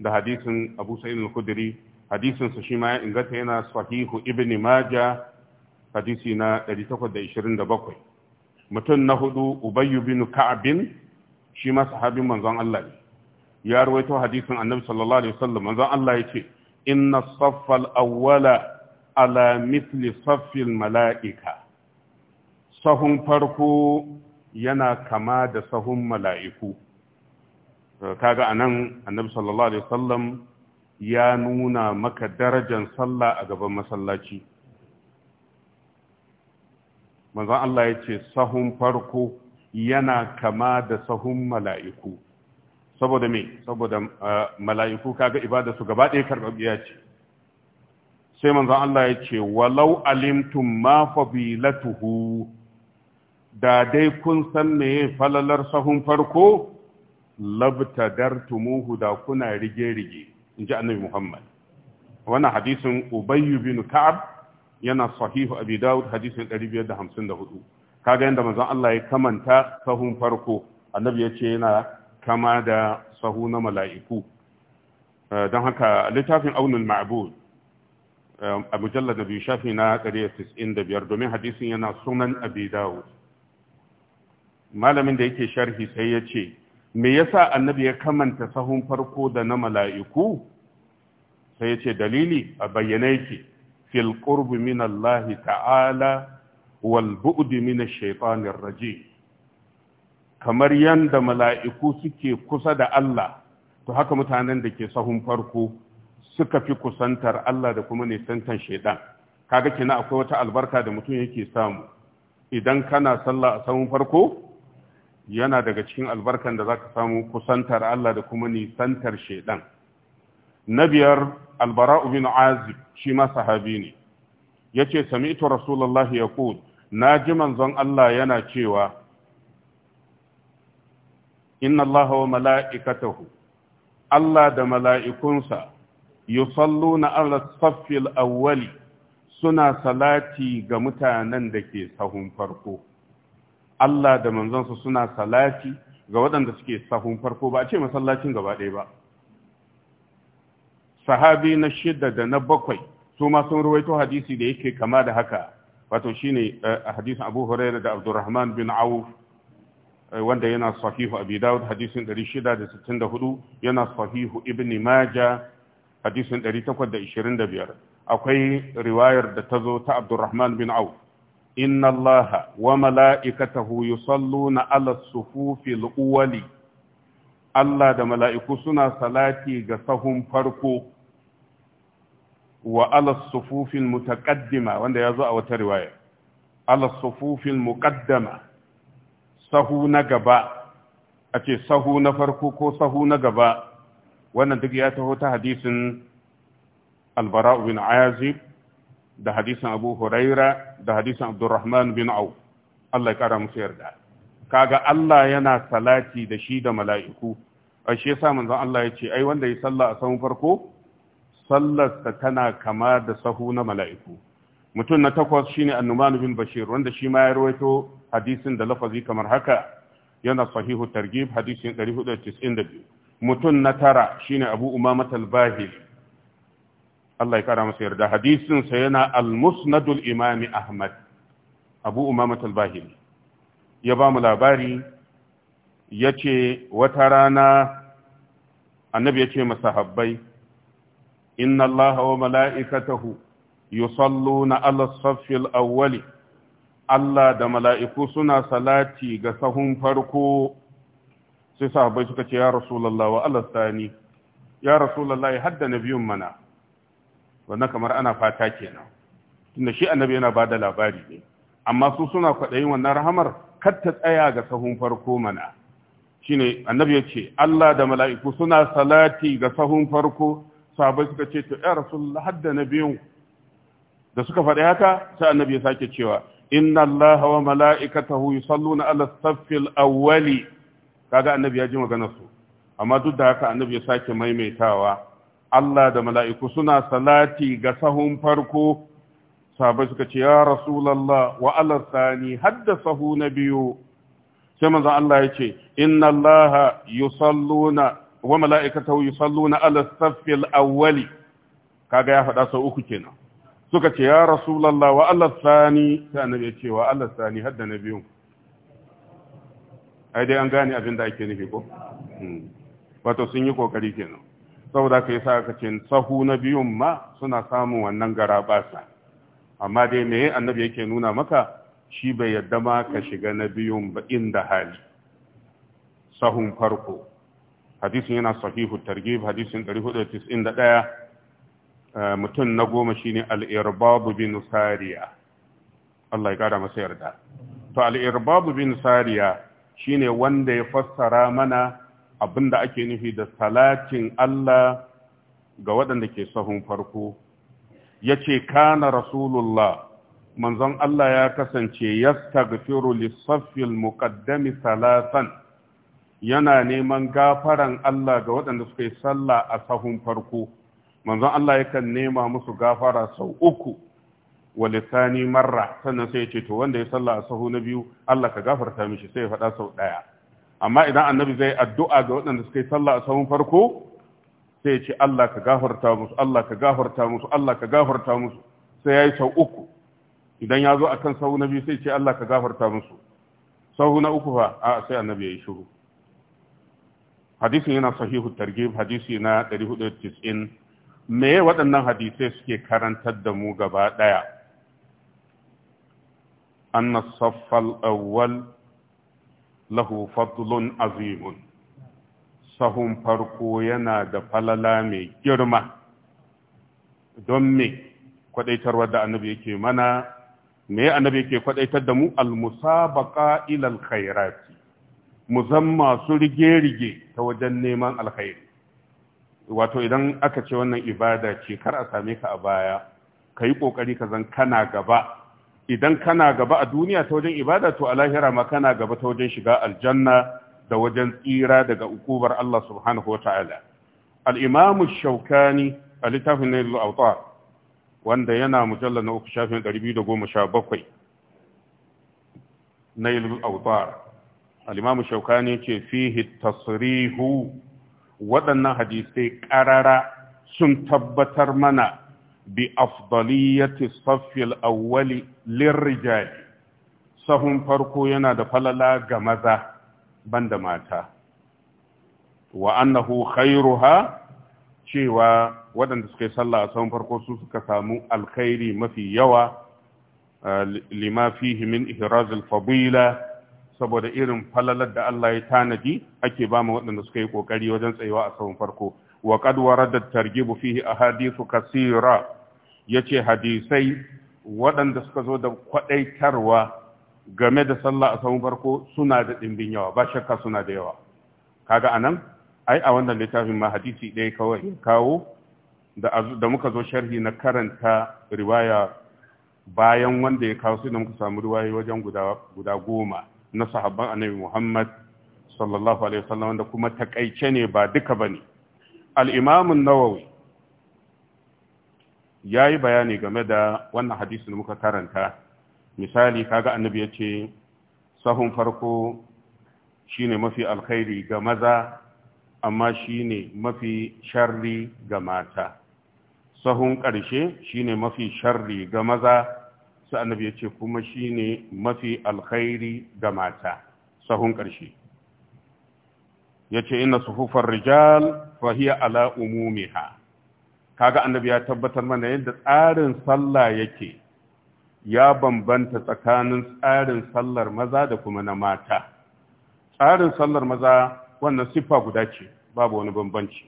da hadisin Abu Sa'id al-Khudri hadisin sa shi ya inganta yana sahihu Ibn Majah hadisi na 827 mutum na hudu Ubay bin Ka'ab shima sahabin manzon Allah ne ya rawaito hadisin Annabi sallallahu alaihi wasallam manzon Allah ce. inna saffal awwala ala misli saffil mala'ika sahun farko yana kama da sahun mala'iku kaga anan annabi sallallahu alaihi wasallam ya nuna maka darajar sallah a gaban masallaci manzon Allah ya ce sahun farko yana kama da sahun mala'iku saboda me saboda mala'iku kaga ibada su gaba ɗaya karɓaɓɓiya ce sai manzan Allah ya ce walau alimtum ma latuhu da dai kun san meye falalar sahun farko tumuhu da kuna rige-rige in ji annabi Muhammad wannan hadisin Ubayyu bin Ka'ab yana sahihu Abi Dawud hadisin 554 kaga yanda manzan Allah ya kamanta sahun farko annabi ya ce yana kama da sahu na mala'iku eh, don haka littafin aunin ma'abud eh, a mujallar da biyu shafi na 195 domin hadisin yana sunan abi dawo malamin da yake sharhi sai ya ce me yasa annabi ya kamanta sahun farko da na mala'iku sai ya ce dalili a bayyana yake fil qurbi min Allah ta'ala wal bu'di min ash rajim kamar yadda mala'iku suke kusa da Allah to haka mutanen da ke sahun farko suka fi kusantar Allah da kuma nisantar shaidan kaga kina akwai wata albarka da mutum yake samu idan kana sallah a sahun farko yana daga cikin albarkan da za ka samu kusantar Allah da kuma nisantar shaidan na biyar albara'u bin azib shi ma sahabi ne yace sami'tu ku, na ji manzon Allah yana cewa inna Allah wa mala'ikatahu Allah da mala'ikunsa na ala saffil awwali suna salati ga mutanen da ke sahun farko Allah da manzansa suna salati ga waɗanda suke sahun farko ba a ce masallacin gaba ɗaya ba sahabi na shida da na bakwai su ma sun ruwaito hadisi da yake kama da haka wato shine eh, hadisin Abu huraira da Abdurrahman bin Auf Eh, wanda yana sahihu abi dawud hadisin 664 yana sahihu ibn maja hadisin 825 akwai riwayar da ta zo ta abdurrahman bin auf inna allaha wa mala'ikatahu yusalluna ala sufufi al-awwali Allah da mala'iku suna salati ga sahun farko wa alas sufufin mutaƙaddima wanda ya zo a wata riwaya, alas sufufin muƙaddama sahu na gaba a ce sahu na farko ko sahu na gaba wannan duk ya taho ta hadisin albara bin azib da hadisin abu huraira da hadisin abdurrahman bin au Allah ya kara musu yarda kaga Allah yana salati da shi da mala'iku a shi yasa manzon Allah ya ce ai wanda ya salla a sahun farko sallarsa tana kama da sahu na mala'iku mutum na takwas shine annuman bin bashir wanda shi ma ya rawaito hadisin da lafazi kamar haka yana sahihu targhib hadisin 492 mutum na tara shine abu umama al Allah ya kara masa yarda hadisin sa yana al-musnadul imam ahmad abu umama al ya ba mu labari yace wata rana annabi yace masahabbai inna allaha wa mala'ikatahu yusalluna ala safil awwali Allah da mala'iku suna salati ga sahun farko sai sahabbai suka ce ya rasulallah wa Allah sani ya rasulallah ya hadda biyun mana wannan kamar ana fata kenan tunda shi annabi yana ba da labari ne amma su suna kwaɗayin wannan rahamar kar ta tsaya ga sahun farko mana shine annabi ya ce Allah da mala'iku suna salati ga sahun farko sahabbai suka ce to ya rasulallah hadda biyun. da suka faɗi haka sai annabi ya sake cewa inna Allah wa mala'ikatahu yusalluna ala saffil awwali kaga annabi ya ji maganar su amma duk da haka annabi ya sake maimaitawa Allah da mala'iku suna salati ga sahun farko sahabbai suka ce ya rasulullah wa ala sani hadda sahu na biyu sai manzon Allah ya ce inna Allah yusalluna wa mala'ikatahu yusalluna ala saffil awwali kaga ya faɗa sau uku kenan suka ce ya rasulallah wa Allah sani sai annabi ya ce wa Allah sani hadda na biyun ai dai an gane abin da ake nufi ko hmm. wato sun yi kokari kenan saboda ka sa aka ce sahu na biyun ma suna samun wannan gara basa amma dai me annabi yake nuna maka shi bai yadda ma ka shiga na biyun ba inda hali sahun farko hadisin yana sahihu targhib hadisin 491 Eh, mutum na goma shi ne al’irbabu bin sariya Allah ya gada masu yarda to al’irbabu bin sariya shi ne wanda ya fassara mana abin abinda ake nufi da salatin Allah ga waɗanda ke sahun farko Ya yace kana rasulullah manzon Allah ya kasance yastaghfiru lis-saffil muƙaddami salatan yana neman gafaran Allah ga waɗanda suka yi sallah a sahun farko manzon Allah yakan nema musu gafara sau uku wa lisani marra sannan sai ya ce to wanda ya salla a sahu na biyu Allah ka gafarta mishi sai ya faɗa sau ɗaya amma idan annabi zai addu'a ga waɗanda suka yi salla a sahun farko sai ya ce Allah ka gafarta musu Allah ka gafarta musu Allah ka gafarta musu sai ya yi sau uku idan ya zo akan sahu na biyu sai ya ce Allah ka gafarta musu sahu na uku fa a sai annabi ya yi shiru hadisin yana sahihu targhib hadisi na 490 me waɗannan hadisai suke karantar da mu gaba ɗaya An na saffal awwal lahu fadlun azimun sahun farko yana da falala mai girma don me kwadaitarwa da annabi yake mana me annabi yake kwaɗaitar da mu al ilal khairati mu zan masu rige-rige ta wajen neman alkhairi wato idan aka ce wannan ibada ce kar a same ka a baya ka yi ƙoƙari ka zan kana gaba idan kana gaba a duniya ta wajen ibada to a lahira ma kana gaba ta wajen shiga aljanna da wajen tsira daga ukubar Allah subhanahu wa ta'ala al-imamu shaukani a littafin na al wanda yana mujallar na uku shafin 217 na al-awtar al-imamu shaukani ce fihi tasrihu waɗannan hadisai ƙarara sun tabbatar mana bi afdaliyati saffil awwali lirrijali sahun farko yana da falala ga maza banda mata wa annahu khairuha cewa waɗanda suka yi sallah a sahun farko su suka samu alkhairi mafi yawa eh, lima fihi min ihraz fadila saboda irin falalar da Allah ya tanadi ake ba mu waɗanda suka yi ƙoƙari wajen tsayuwa a saman farko wa qad warada a fihi kasira kaseera yace hadisai waɗanda suka zo da kwaɗaitarwa game da sallah a sahun farko suna da ɗimbin yawa ba shakka suna da yawa kaga anan ai a wannan littafin ma hadisi ɗaya kawai kawo da muka zo sharhi na karanta riwaya bayan wanda ya kawo sai da muka samu riwaya wajen guda goma na sahabban annabi Muhammad sallallahu alaihi wasallam wanda kuma takaice ne ba duka bane al-Imam an-Nawawi yayi bayani game da wannan hadisin muka karanta misali kaga annabi yace sahun farko shine mafi alkhairi ga maza amma shine mafi sharri ga mata sahun ƙarshe shine mafi sharri ga maza sai annabi ya ce kuma shi ne mafi alkhairi ga mata sahun ƙarshe ya ce ina suhufar rijal fahiya ala ha kaga annabi ya tabbatar mana yadda tsarin sallah yake ya bambanta tsakanin tsarin sallar maza da kuma na mata tsarin sallar maza wannan siffa guda ce babu wani bambanci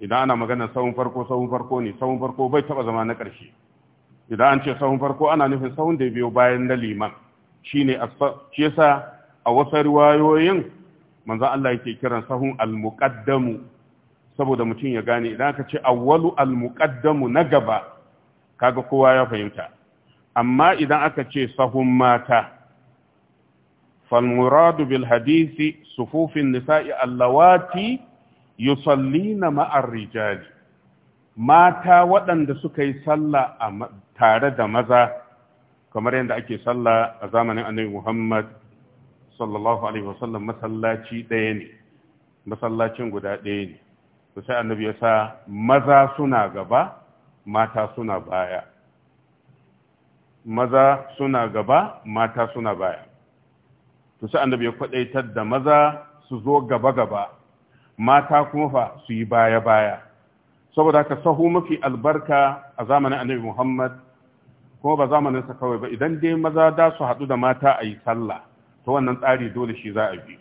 idan ana magana sahun farko sahun farko ne sahun farko bai taba zama na ƙarshe idan an ce sahun farko ana nufin sahun da biyo bayan na liman ne shi yasa a wasu riwayoyin manzo Allah yake kiran sahun al-muqaddamu saboda mutum ya gane idan aka ce awwalu al-muqaddamu na gaba kaga kowa ya fahimta amma idan aka ce sahun mata فالمراد بالحديث صفوف النساء allawati يصلين na الرجال mata waɗanda suka yi sallah tare da maza kamar yadda ake sallah a zamanin annabi Muhammad sallallahu alaihi wasallam masallaci ɗaya ne masallacin guda ɗaya ne to sai annabi ya sa maza suna gaba mata suna baya maza suna gaba mata suna baya to sai annabi ya kwadaitar da maza su zo gaba gaba mata kuma fa su yi baya baya saboda haka sahu mafi albarka a zamanin annabi Muhammad ko ba zamaninsa kawai ba idan dai maza da su haɗu da mata a yi sallah ta wannan tsari dole shi za a bi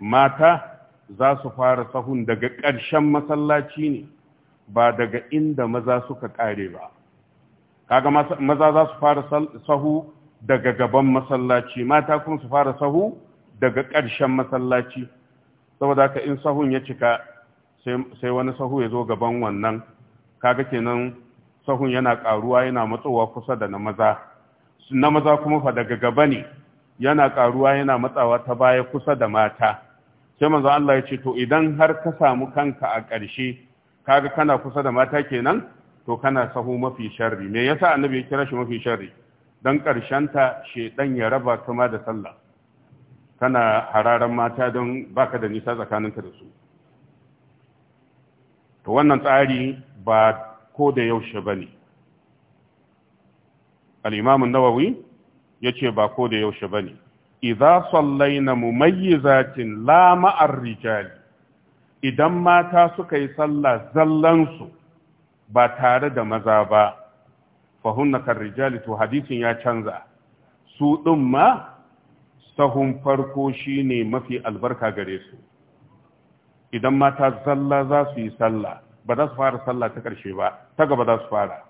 mata za su fara sahun daga ƙarshen masallaci ne ba daga inda maza suka ƙare ba kaga maza za su fara sahu daga gaban masallaci mata kuma su fara sahu daga ƙarshen masallaci saboda haka in sahun ya cika sai wani sahu ya zo gaban wannan kaga kenan sahun yana ƙaruwa yana matsowa kusa da na maza na maza kuma fa daga gaba ne yana ƙaruwa yana matsawa ta baya kusa da mata sai manzo Allah ya ce to idan har ka samu kanka a ƙarshe kaga kana kusa da mata kenan to kana sahu mafi sharri me yasa annabi ya kira shi mafi sharri dan ta shedan ya raba kama da sallah kana hararan mata don baka da nisa tsakaninka da su to wannan tsari ba ko da yaushe ba ne al'imamun nawawi ya ce ba ko da yaushe ba ne iza mu mumayyizatin la lama'ar rijali idan mata suka yi sallah zallansu ba tare da maza ba fahunna kan rijali to hadisin ya canza su ɗin ma sahun farko shi ne mafi albarka gare su idan mata zalla za su yi sallah ba za su fara sallah ta ƙarshe ba ta gaba za su fara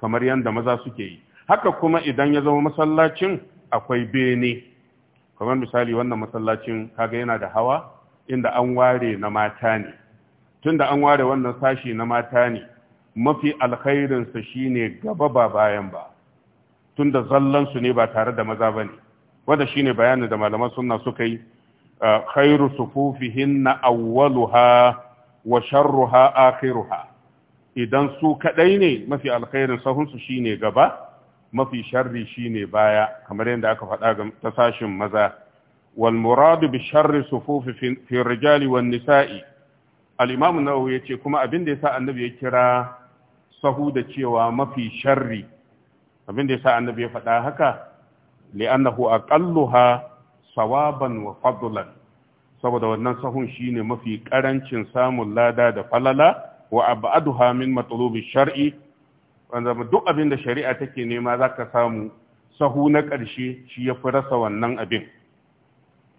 kamar yadda maza suke yi haka kuma idan ya zama masallacin akwai bene kamar misali wannan masallacin kaga yana da hawa inda an ware na mata ne tunda an ware wannan sashi na mata ne mafi alkhairinsa shine gaba ba bayan ba tunda zallansu ne ba tare da maza ba ne wanda shine bayanin da malaman sunna suka yi khairu sufufihinna awwaluha wa sharruha akhiruha idan su kadai ne mafi alkhairin sahunsu shine gaba mafi sharri shine baya kamar yadda aka faɗa ga ta sashin maza wal muradu bi sharri sufufi fi rijali wan nisa'i al imam nawawi yace kuma abin da yasa annabi ya kira sahu da cewa mafi sharri abin da yasa annabi ya faɗa haka li'annahu aqalluha sawaban wa fadlan saboda wannan sahun shine mafi ƙarancin samun lada da falala wa abu min matlubi shar'i wanda duk abin da shari'a take nema zaka samu sahu na ƙarshe shi ya fi rasa wannan abin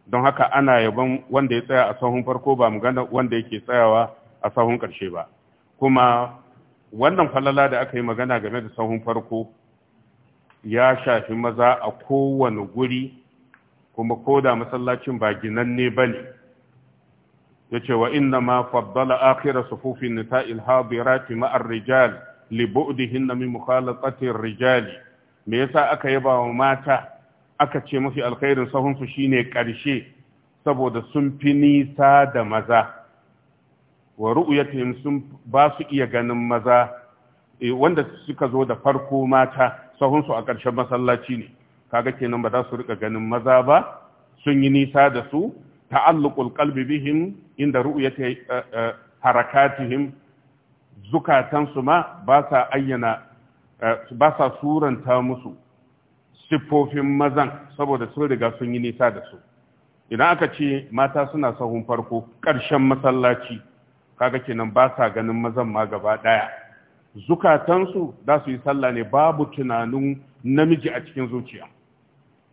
don haka ana yaban wanda ya tsaya a sahun farko ba magana wanda yake tsayawa a sahun ƙarshe ba kuma wannan falala da aka yi magana game da sahun farko ya shafi maza a kowane guri kuma ko da masallacin ba ginanne ba ne ya ce wa inna ma faddala akira sufufin nisa'il hadirati ma'ar rijal li bu'dihin na min mukhalatatin rijali me yasa aka yaba wa mata aka ce mafi alkhairin sahun su shine karshe saboda sun fi nisa da maza wa ru'yatihim sun ba su iya ganin maza eh, wanda suka zo da farko mata sahun su a ƙarshen masallaci ne kaga kenan ba za su rika ganin maza ba sun yi nisa da su ta'alluqul qalbi bihim inda ru'yati eh, eh, harakatihim zukatansu ma ba sa ayyana eh, ba sa suranta musu sifofin mazan saboda sun riga sun yi nisa da su idan aka ce mata suna sahun farko ƙarshen masallaci kaga kenan ba sa ganin mazan ma gaba ɗaya zukatansu za su yi sallah ne babu tunanin namiji a cikin zuciya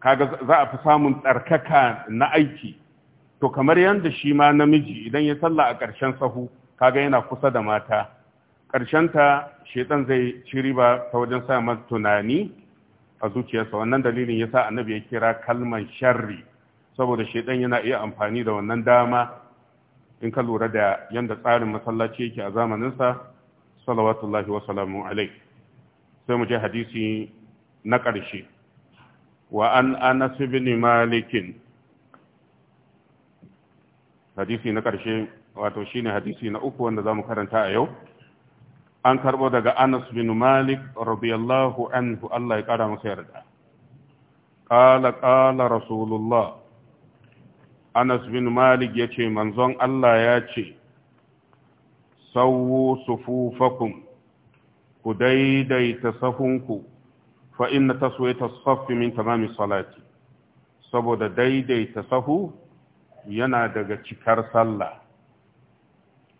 kaga za a fi samun tsarkaka na aiki to kamar yadda shi ma namiji idan ya salla a ƙarshen sahu kaga yana kusa da mata Ƙarshen ta shaitan zai ci riba ta wajen sa masa tunani a zuciyarsa wannan dalilin yasa annabi ya kira kalman sharri saboda shaitan yana iya amfani da wannan dama in ka lura da yadda tsarin masallaci yake a zamaninsa salawatullahi wa alai sai mu je hadisi na ƙarshe وعن أنس بن مالك حديثي نكرشي واتوشيني حديثي نأكو أن ذا مكرن تأيو an karɓo daga Anas bin Malik radiyallahu anhu Allah ya ƙara masa yarda. Ƙala ƙala Rasulullah Anas bin Malik ya ce manzon Allah ya ce, Sauwu sufufakum, ku daidaita sahunku, fa inna taswiyata as-saff min salati saboda daidaita sahu yana daga cikar sallah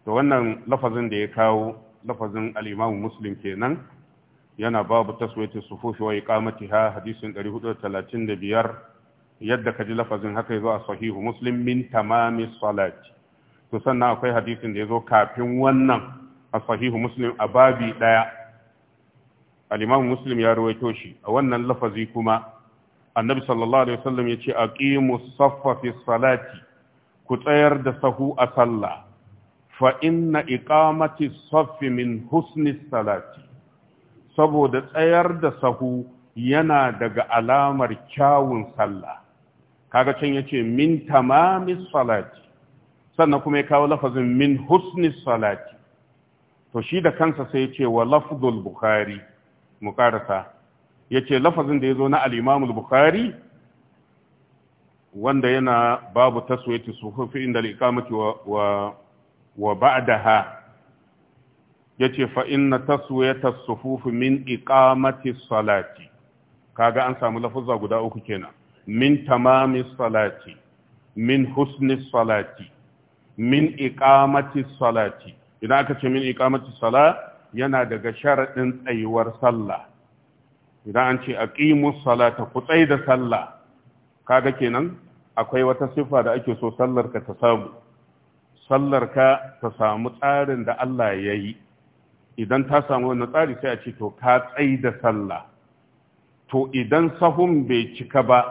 to wannan lafazin da ya kawo lafazin al-Imam Muslim kenan yana babu taswiyatu sufufi wa ha hadisin 435 yadda ji lafazin haka yazo a sahihu Muslim min salati to sannan akwai hadisin da yazo kafin wannan a sahihu Muslim a babi daya al-imam muslim ya rawaito shi a wannan lafazi kuma annabi sallallahu alaihi wasallam yace aqimu ƙimu fi salati ku tsayar da sahu a sallah fa inna iqamati saffi min husni salati saboda tsayar da sahu yana daga alamar kyawun sallah kaga can yace min tamami salati sannan kuma ya kawo lafazin min husni salati to shi da kansa sai ya ce wa lafdul bukhari mu ya ce lafazin da ya zo na al’imamul bukari wanda yana babu taswiyati suhufi inda al wa wa, ha, ya yace fa inna taswiyata as-sufuf min iƙa salati kaga an samu lafazza guda uku kenan min tamami salati min husni salati min iƙa as-salati idan aka ce min iƙa salati yana daga sharaɗin tsayuwar sallah idan an ce a salata ku tsaye da sallah kaga kenan akwai wata siffa da ake so sallar ka ta samu sallar ka ta samu tsarin da Allah ya yi idan ta samu wannan tsari sai a ce to ka tsaye da sallah to idan sahun bai cika ba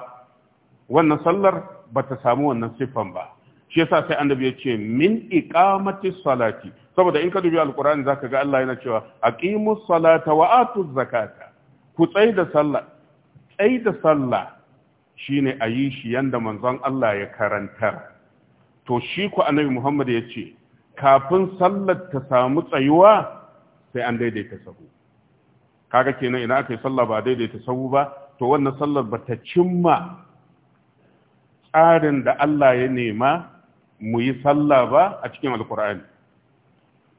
wannan sallar ba ta samu wannan siffan ba shi yasa sai annabi ya ce min iqamati salati saboda in ka dubi alqur'ani zaka ga Allah yana cewa aqimus salata wa atuz zakata ku tsai da sallah tsai da sallah shine ayi shi yanda manzon Allah ya karantar to shi ku annabi Muhammad ya ce kafin sallar ta samu tsayuwa sai an daidaita sahu kaga kenan idan aka yi sallah ba daidaita sahu ba to wannan sallar ba ta cimma tsarin da Allah ya nema mu yi sallah ba a cikin alkur'ani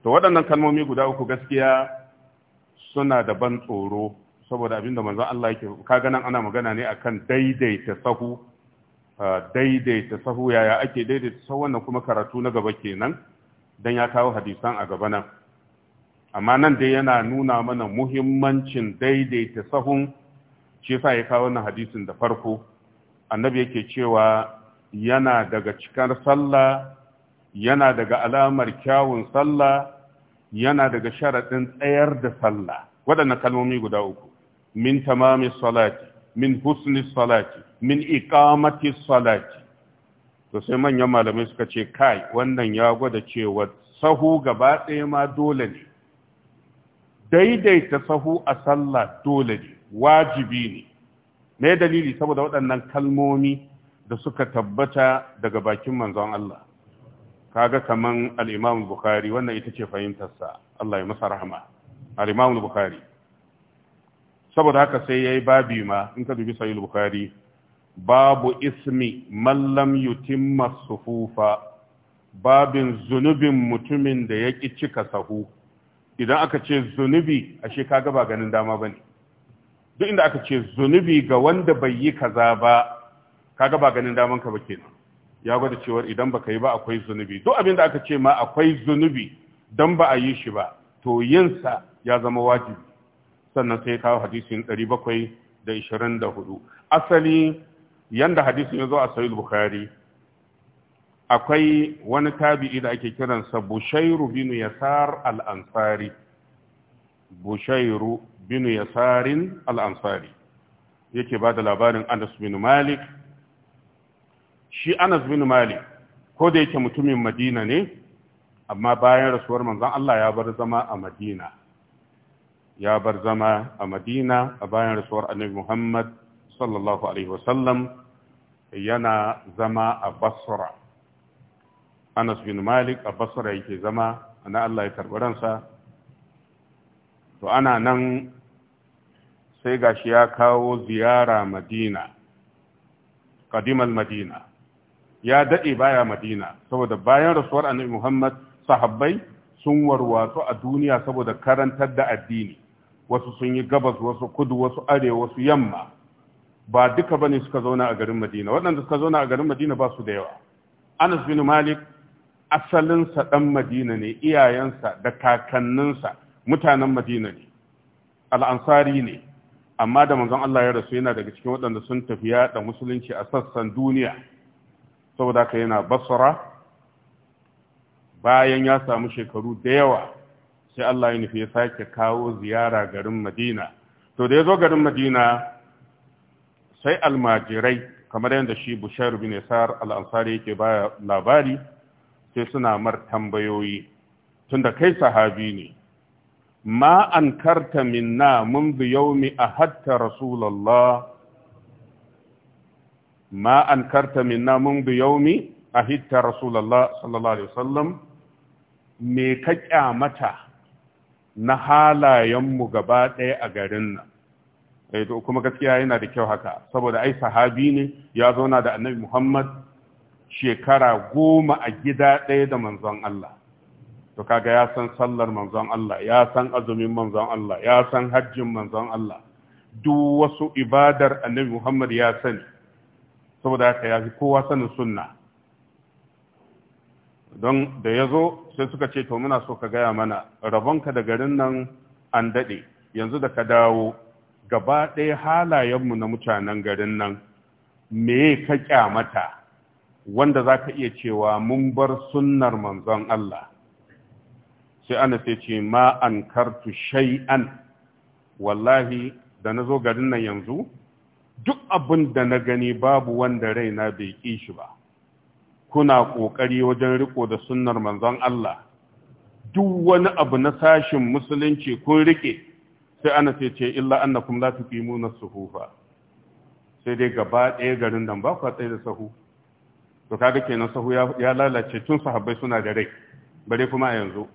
to waɗannan kalmomi guda uku gaskiya suna da ban tsoro saboda abinda manzon Allah yake Ka nan ana magana ne akan daidaita sahu daidaita sahu yaya ake daidaita sahu wannan kuma karatu na gaba kenan dan ya kawo hadisan a gaba nan amma nan dai yana nuna mana muhimmancin daidaita sahun shi yasa ya kawo wannan hadisin da farko annabi yake cewa yana daga cikar sallah yana daga alamar kyawun sallah yana daga sharaɗin tsayar da sallah waɗannan kalmomi guda uku min tamami salati min husni salati min iqamati salati to sai manyan malamai suka ce kai wannan ya gwada cewa sahu gaba ɗaya ma dole ne daidaita sahu a sallah dole ne wajibi ne me dalili saboda waɗannan kalmomi da suka tabbata daga bakin manzon Allah kaga kaman al-Imam Bukhari wannan ita ce fahimtarsa Allah ya masa rahama al-Imam Bukhari saboda haka sai yayi babi ma in ka dubi sahih Bukhari babu ismi man lam yutimma sufufa babin zunubin mutumin da ya ƙi cika sahu idan aka ce zunubi ashe kaga ba ganin dama bane duk inda aka ce zunubi ga wanda bai yi kaza ba kaga ba ganin daman ka ba kenan ya gwada cewa idan baka yi ba akwai zunubi duk abin da aka ce ma akwai zunubi dan ba a yi shi ba to yin sa ya zama wajibi sannan sai kawo hadisin 724 asali yanda hadisin ya zo a sahih bukhari akwai wani tabi'i da ake kiransa bushairu bin yasar al-ansari bushairu bin yasarin al-ansari yake ba da labarin anas bin malik shi Anas bin Malik ko da yake mutumin Madina ne amma bayan rasuwar manzon Allah ya bar zama a Madina ya bar zama a Madina a bayan rasuwar Annabi Muhammad sallallahu alaihi wasallam yana zama a Basra Anas bin Malik a Basra yake zama ana Allah ya karɓi ransa to ana nan sai gashi ya kawo ziyara Madina qadimal Madina ya daɗe baya madina saboda bayan rasuwar annabi muhammad sahabbai sun warwatsu a duniya saboda karantar da addini wasu sun yi gabas wasu kudu wasu arewa wasu yamma ba duka bane suka zauna a garin madina waɗanda suka zauna a garin madina ba su da yawa anas bin malik asalinsa ɗan madina ne iyayensa da kakanninsa mutanen madina ne al'ansari ne amma da manzon Allah ya rasu yana daga cikin waɗanda sun tafi yaɗa musulunci a sassan duniya saboda ka yana basara bayan ya samu shekaru da yawa sai Allah ya nufi ya sake kawo ziyara garin Madina to da ya zo garin Madina sai almajirai kamar yadda shi Bushayr bin Yasar al-Ansari yake ba labari sai suna mar tambayoyi tunda kai sahabi ne ma ankarta minna mun يوم a hatta rasulullah ma an karta minna mun bi yaumi a hitta rasulallah sallallahu alaihi wasallam me ka kyamata na halayenmu gaba ɗaya a garin nan kuma gaskiya yana da kyau haka saboda ai sahabi ne ya zauna da annabi muhammad shekara goma a gida ɗaya da manzon allah to kaga ya san sallar manzon allah ya san azumin manzon allah ya san hajjin manzon allah duk wasu ibadar annabi muhammad ya sani saboda haka ya fi kowa sanin sunna don da ya zo sai suka ce to muna so ka gaya mana rabonka da garin nan an daɗe yanzu da ka dawo gaba ɗaya halayenmu na mutanen garin nan me ka kyamata wanda za ka iya cewa mun bar sunnar manzon Allah sai ana sai ce ma an kartu shay'an wallahi da na zo garin nan yanzu duk abin da na gani babu wanda raina bai ƙi shi ba kuna ƙoƙari wajen riko da sunnar manzon Allah duk wani abu na sashin musulunci kun rike sai ana ce ce illa annakum la tuqimuna suhufa sai dai gaba ɗaya garin nan ba ku tsaye da sahu to kaga kenan sahu ya lalace tun sahabbai suna da rai bare kuma a yanzu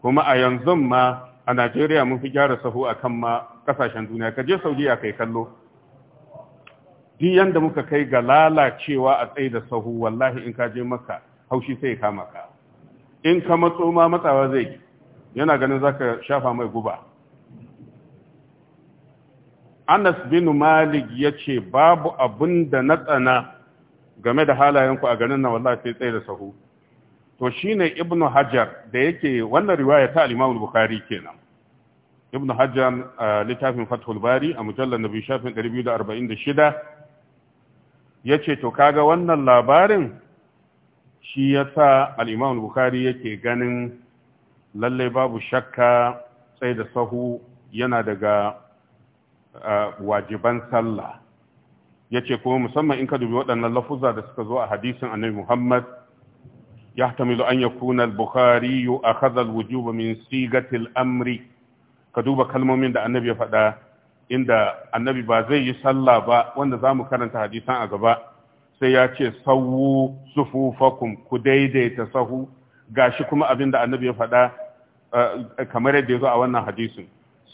kuma a yanzu ma a Najeriya mun fi gyara sahu akan ma kasashen duniya ka je Saudiya kai kallo duk yanda muka kai ga lalacewa a tsaye da sahu wallahi in ka je maka haushi sai kama ka in ka matso ma matsawa zai yi, yana ganin zaka shafa mai guba Anas bin Malik ya ce babu abin da na tsana game da halayenku a garin na wallahi sai tsaye da sahu to shine Ibn Hajar da yake wannan riwaya ta al-Imam Bukhari kenan Ibn Hajar littafin Fathul Bari a mujallar Nabi shafin 246 ya ce to kaga wannan labarin shi ya sa al'imam bukari yake ganin lalle babu shakka sai da sahu yana daga wajiban sallah ya ce kuma musamman in ka dubi waɗannan lafuza da suka zo a hadisin annabi muhammad ya tamilu an ya kuna Bukhari yi a hazal wujuba min sigatil amri ka duba kalmomin da annabi ya faɗa inda annabi ba zai yi sallah ba wanda za mu karanta hadisan a gaba sai ya ce sawu sufufakum ku daidaita sahu gashi kuma abin da annabi ya faɗa eh, kamar yadda ya zo a wannan hadisin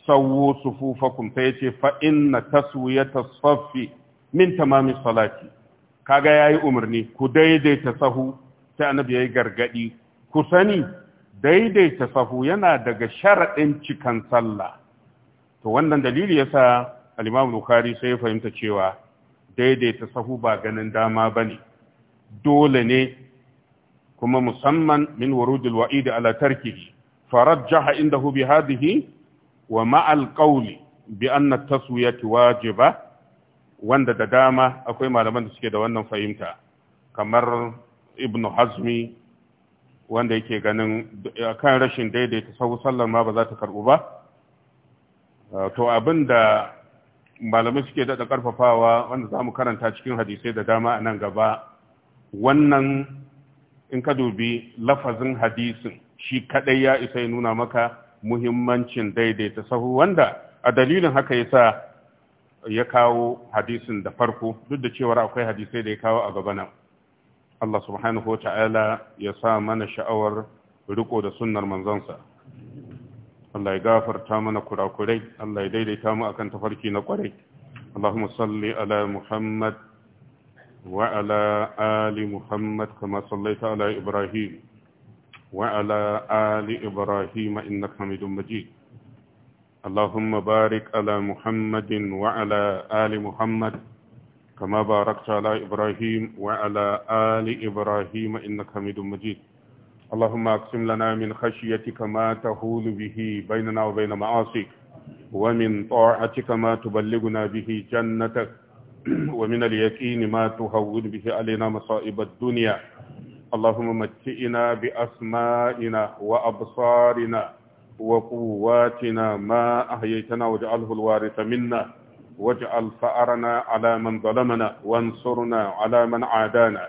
sawu sufufakum sai ya ce fa inna taswiyata saffi min tamami salati kaga yayi umarni ku daidaita sahu sai annabi ya yi gargadi ku sani daidaita sahu yana daga sharaɗin cikan sallah to wannan dalili yasa al-Imam Bukhari sai ya fahimta cewa daidaita sahu ba ganin dama bane dole ne kuma musamman min wurudil wa'idi ala tarkihi farajjaha indahu bi hadhihi wa ma'al qawli bi anna taswiyati wajiba wanda da dama akwai malaman da suke da wannan fahimta kamar ibnu hazmi wanda yake ganin kan rashin daidaita sahu sallar ma ba za ta karbu ba Uh, to abin da malamai suke daɗa ƙarfafawa wanda za mu karanta cikin hadisai da dama a nan gaba wannan in ka dubi lafazin hadisin shi kaɗai ya isa ya nuna maka muhimmancin daidaita sahu wanda a dalilin haka ya sa ya kawo hadisin da farko duk da cewar akwai hadisai da ya kawo a gaba nan Allah subhanahu wa ta'ala ya sa mana sha'awar riko da sunnar manzansa Allah ya gafarta mana kurakurai Allah ya daidaita mu akan tafarki na kwarai Allahumma salli ala Muhammad wa ala ali Muhammad kama sallaita ala Ibrahim wa ali Ibrahim اللهم بارك على محمد وعلى آل محمد كما باركت على إبراهيم وعلى آل إبراهيم إنك حميد مجيد اللهم اقسم لنا من خشيتك ما تهول به بيننا وبين معاصيك ومن طاعتك ما تبلغنا به جنتك ومن اليقين ما تهون به علينا مصائب الدنيا اللهم متئنا بأسمائنا وأبصارنا وقواتنا ما أحييتنا واجعله الوارث منا واجعل فأرنا على من ظلمنا وانصرنا على من عادانا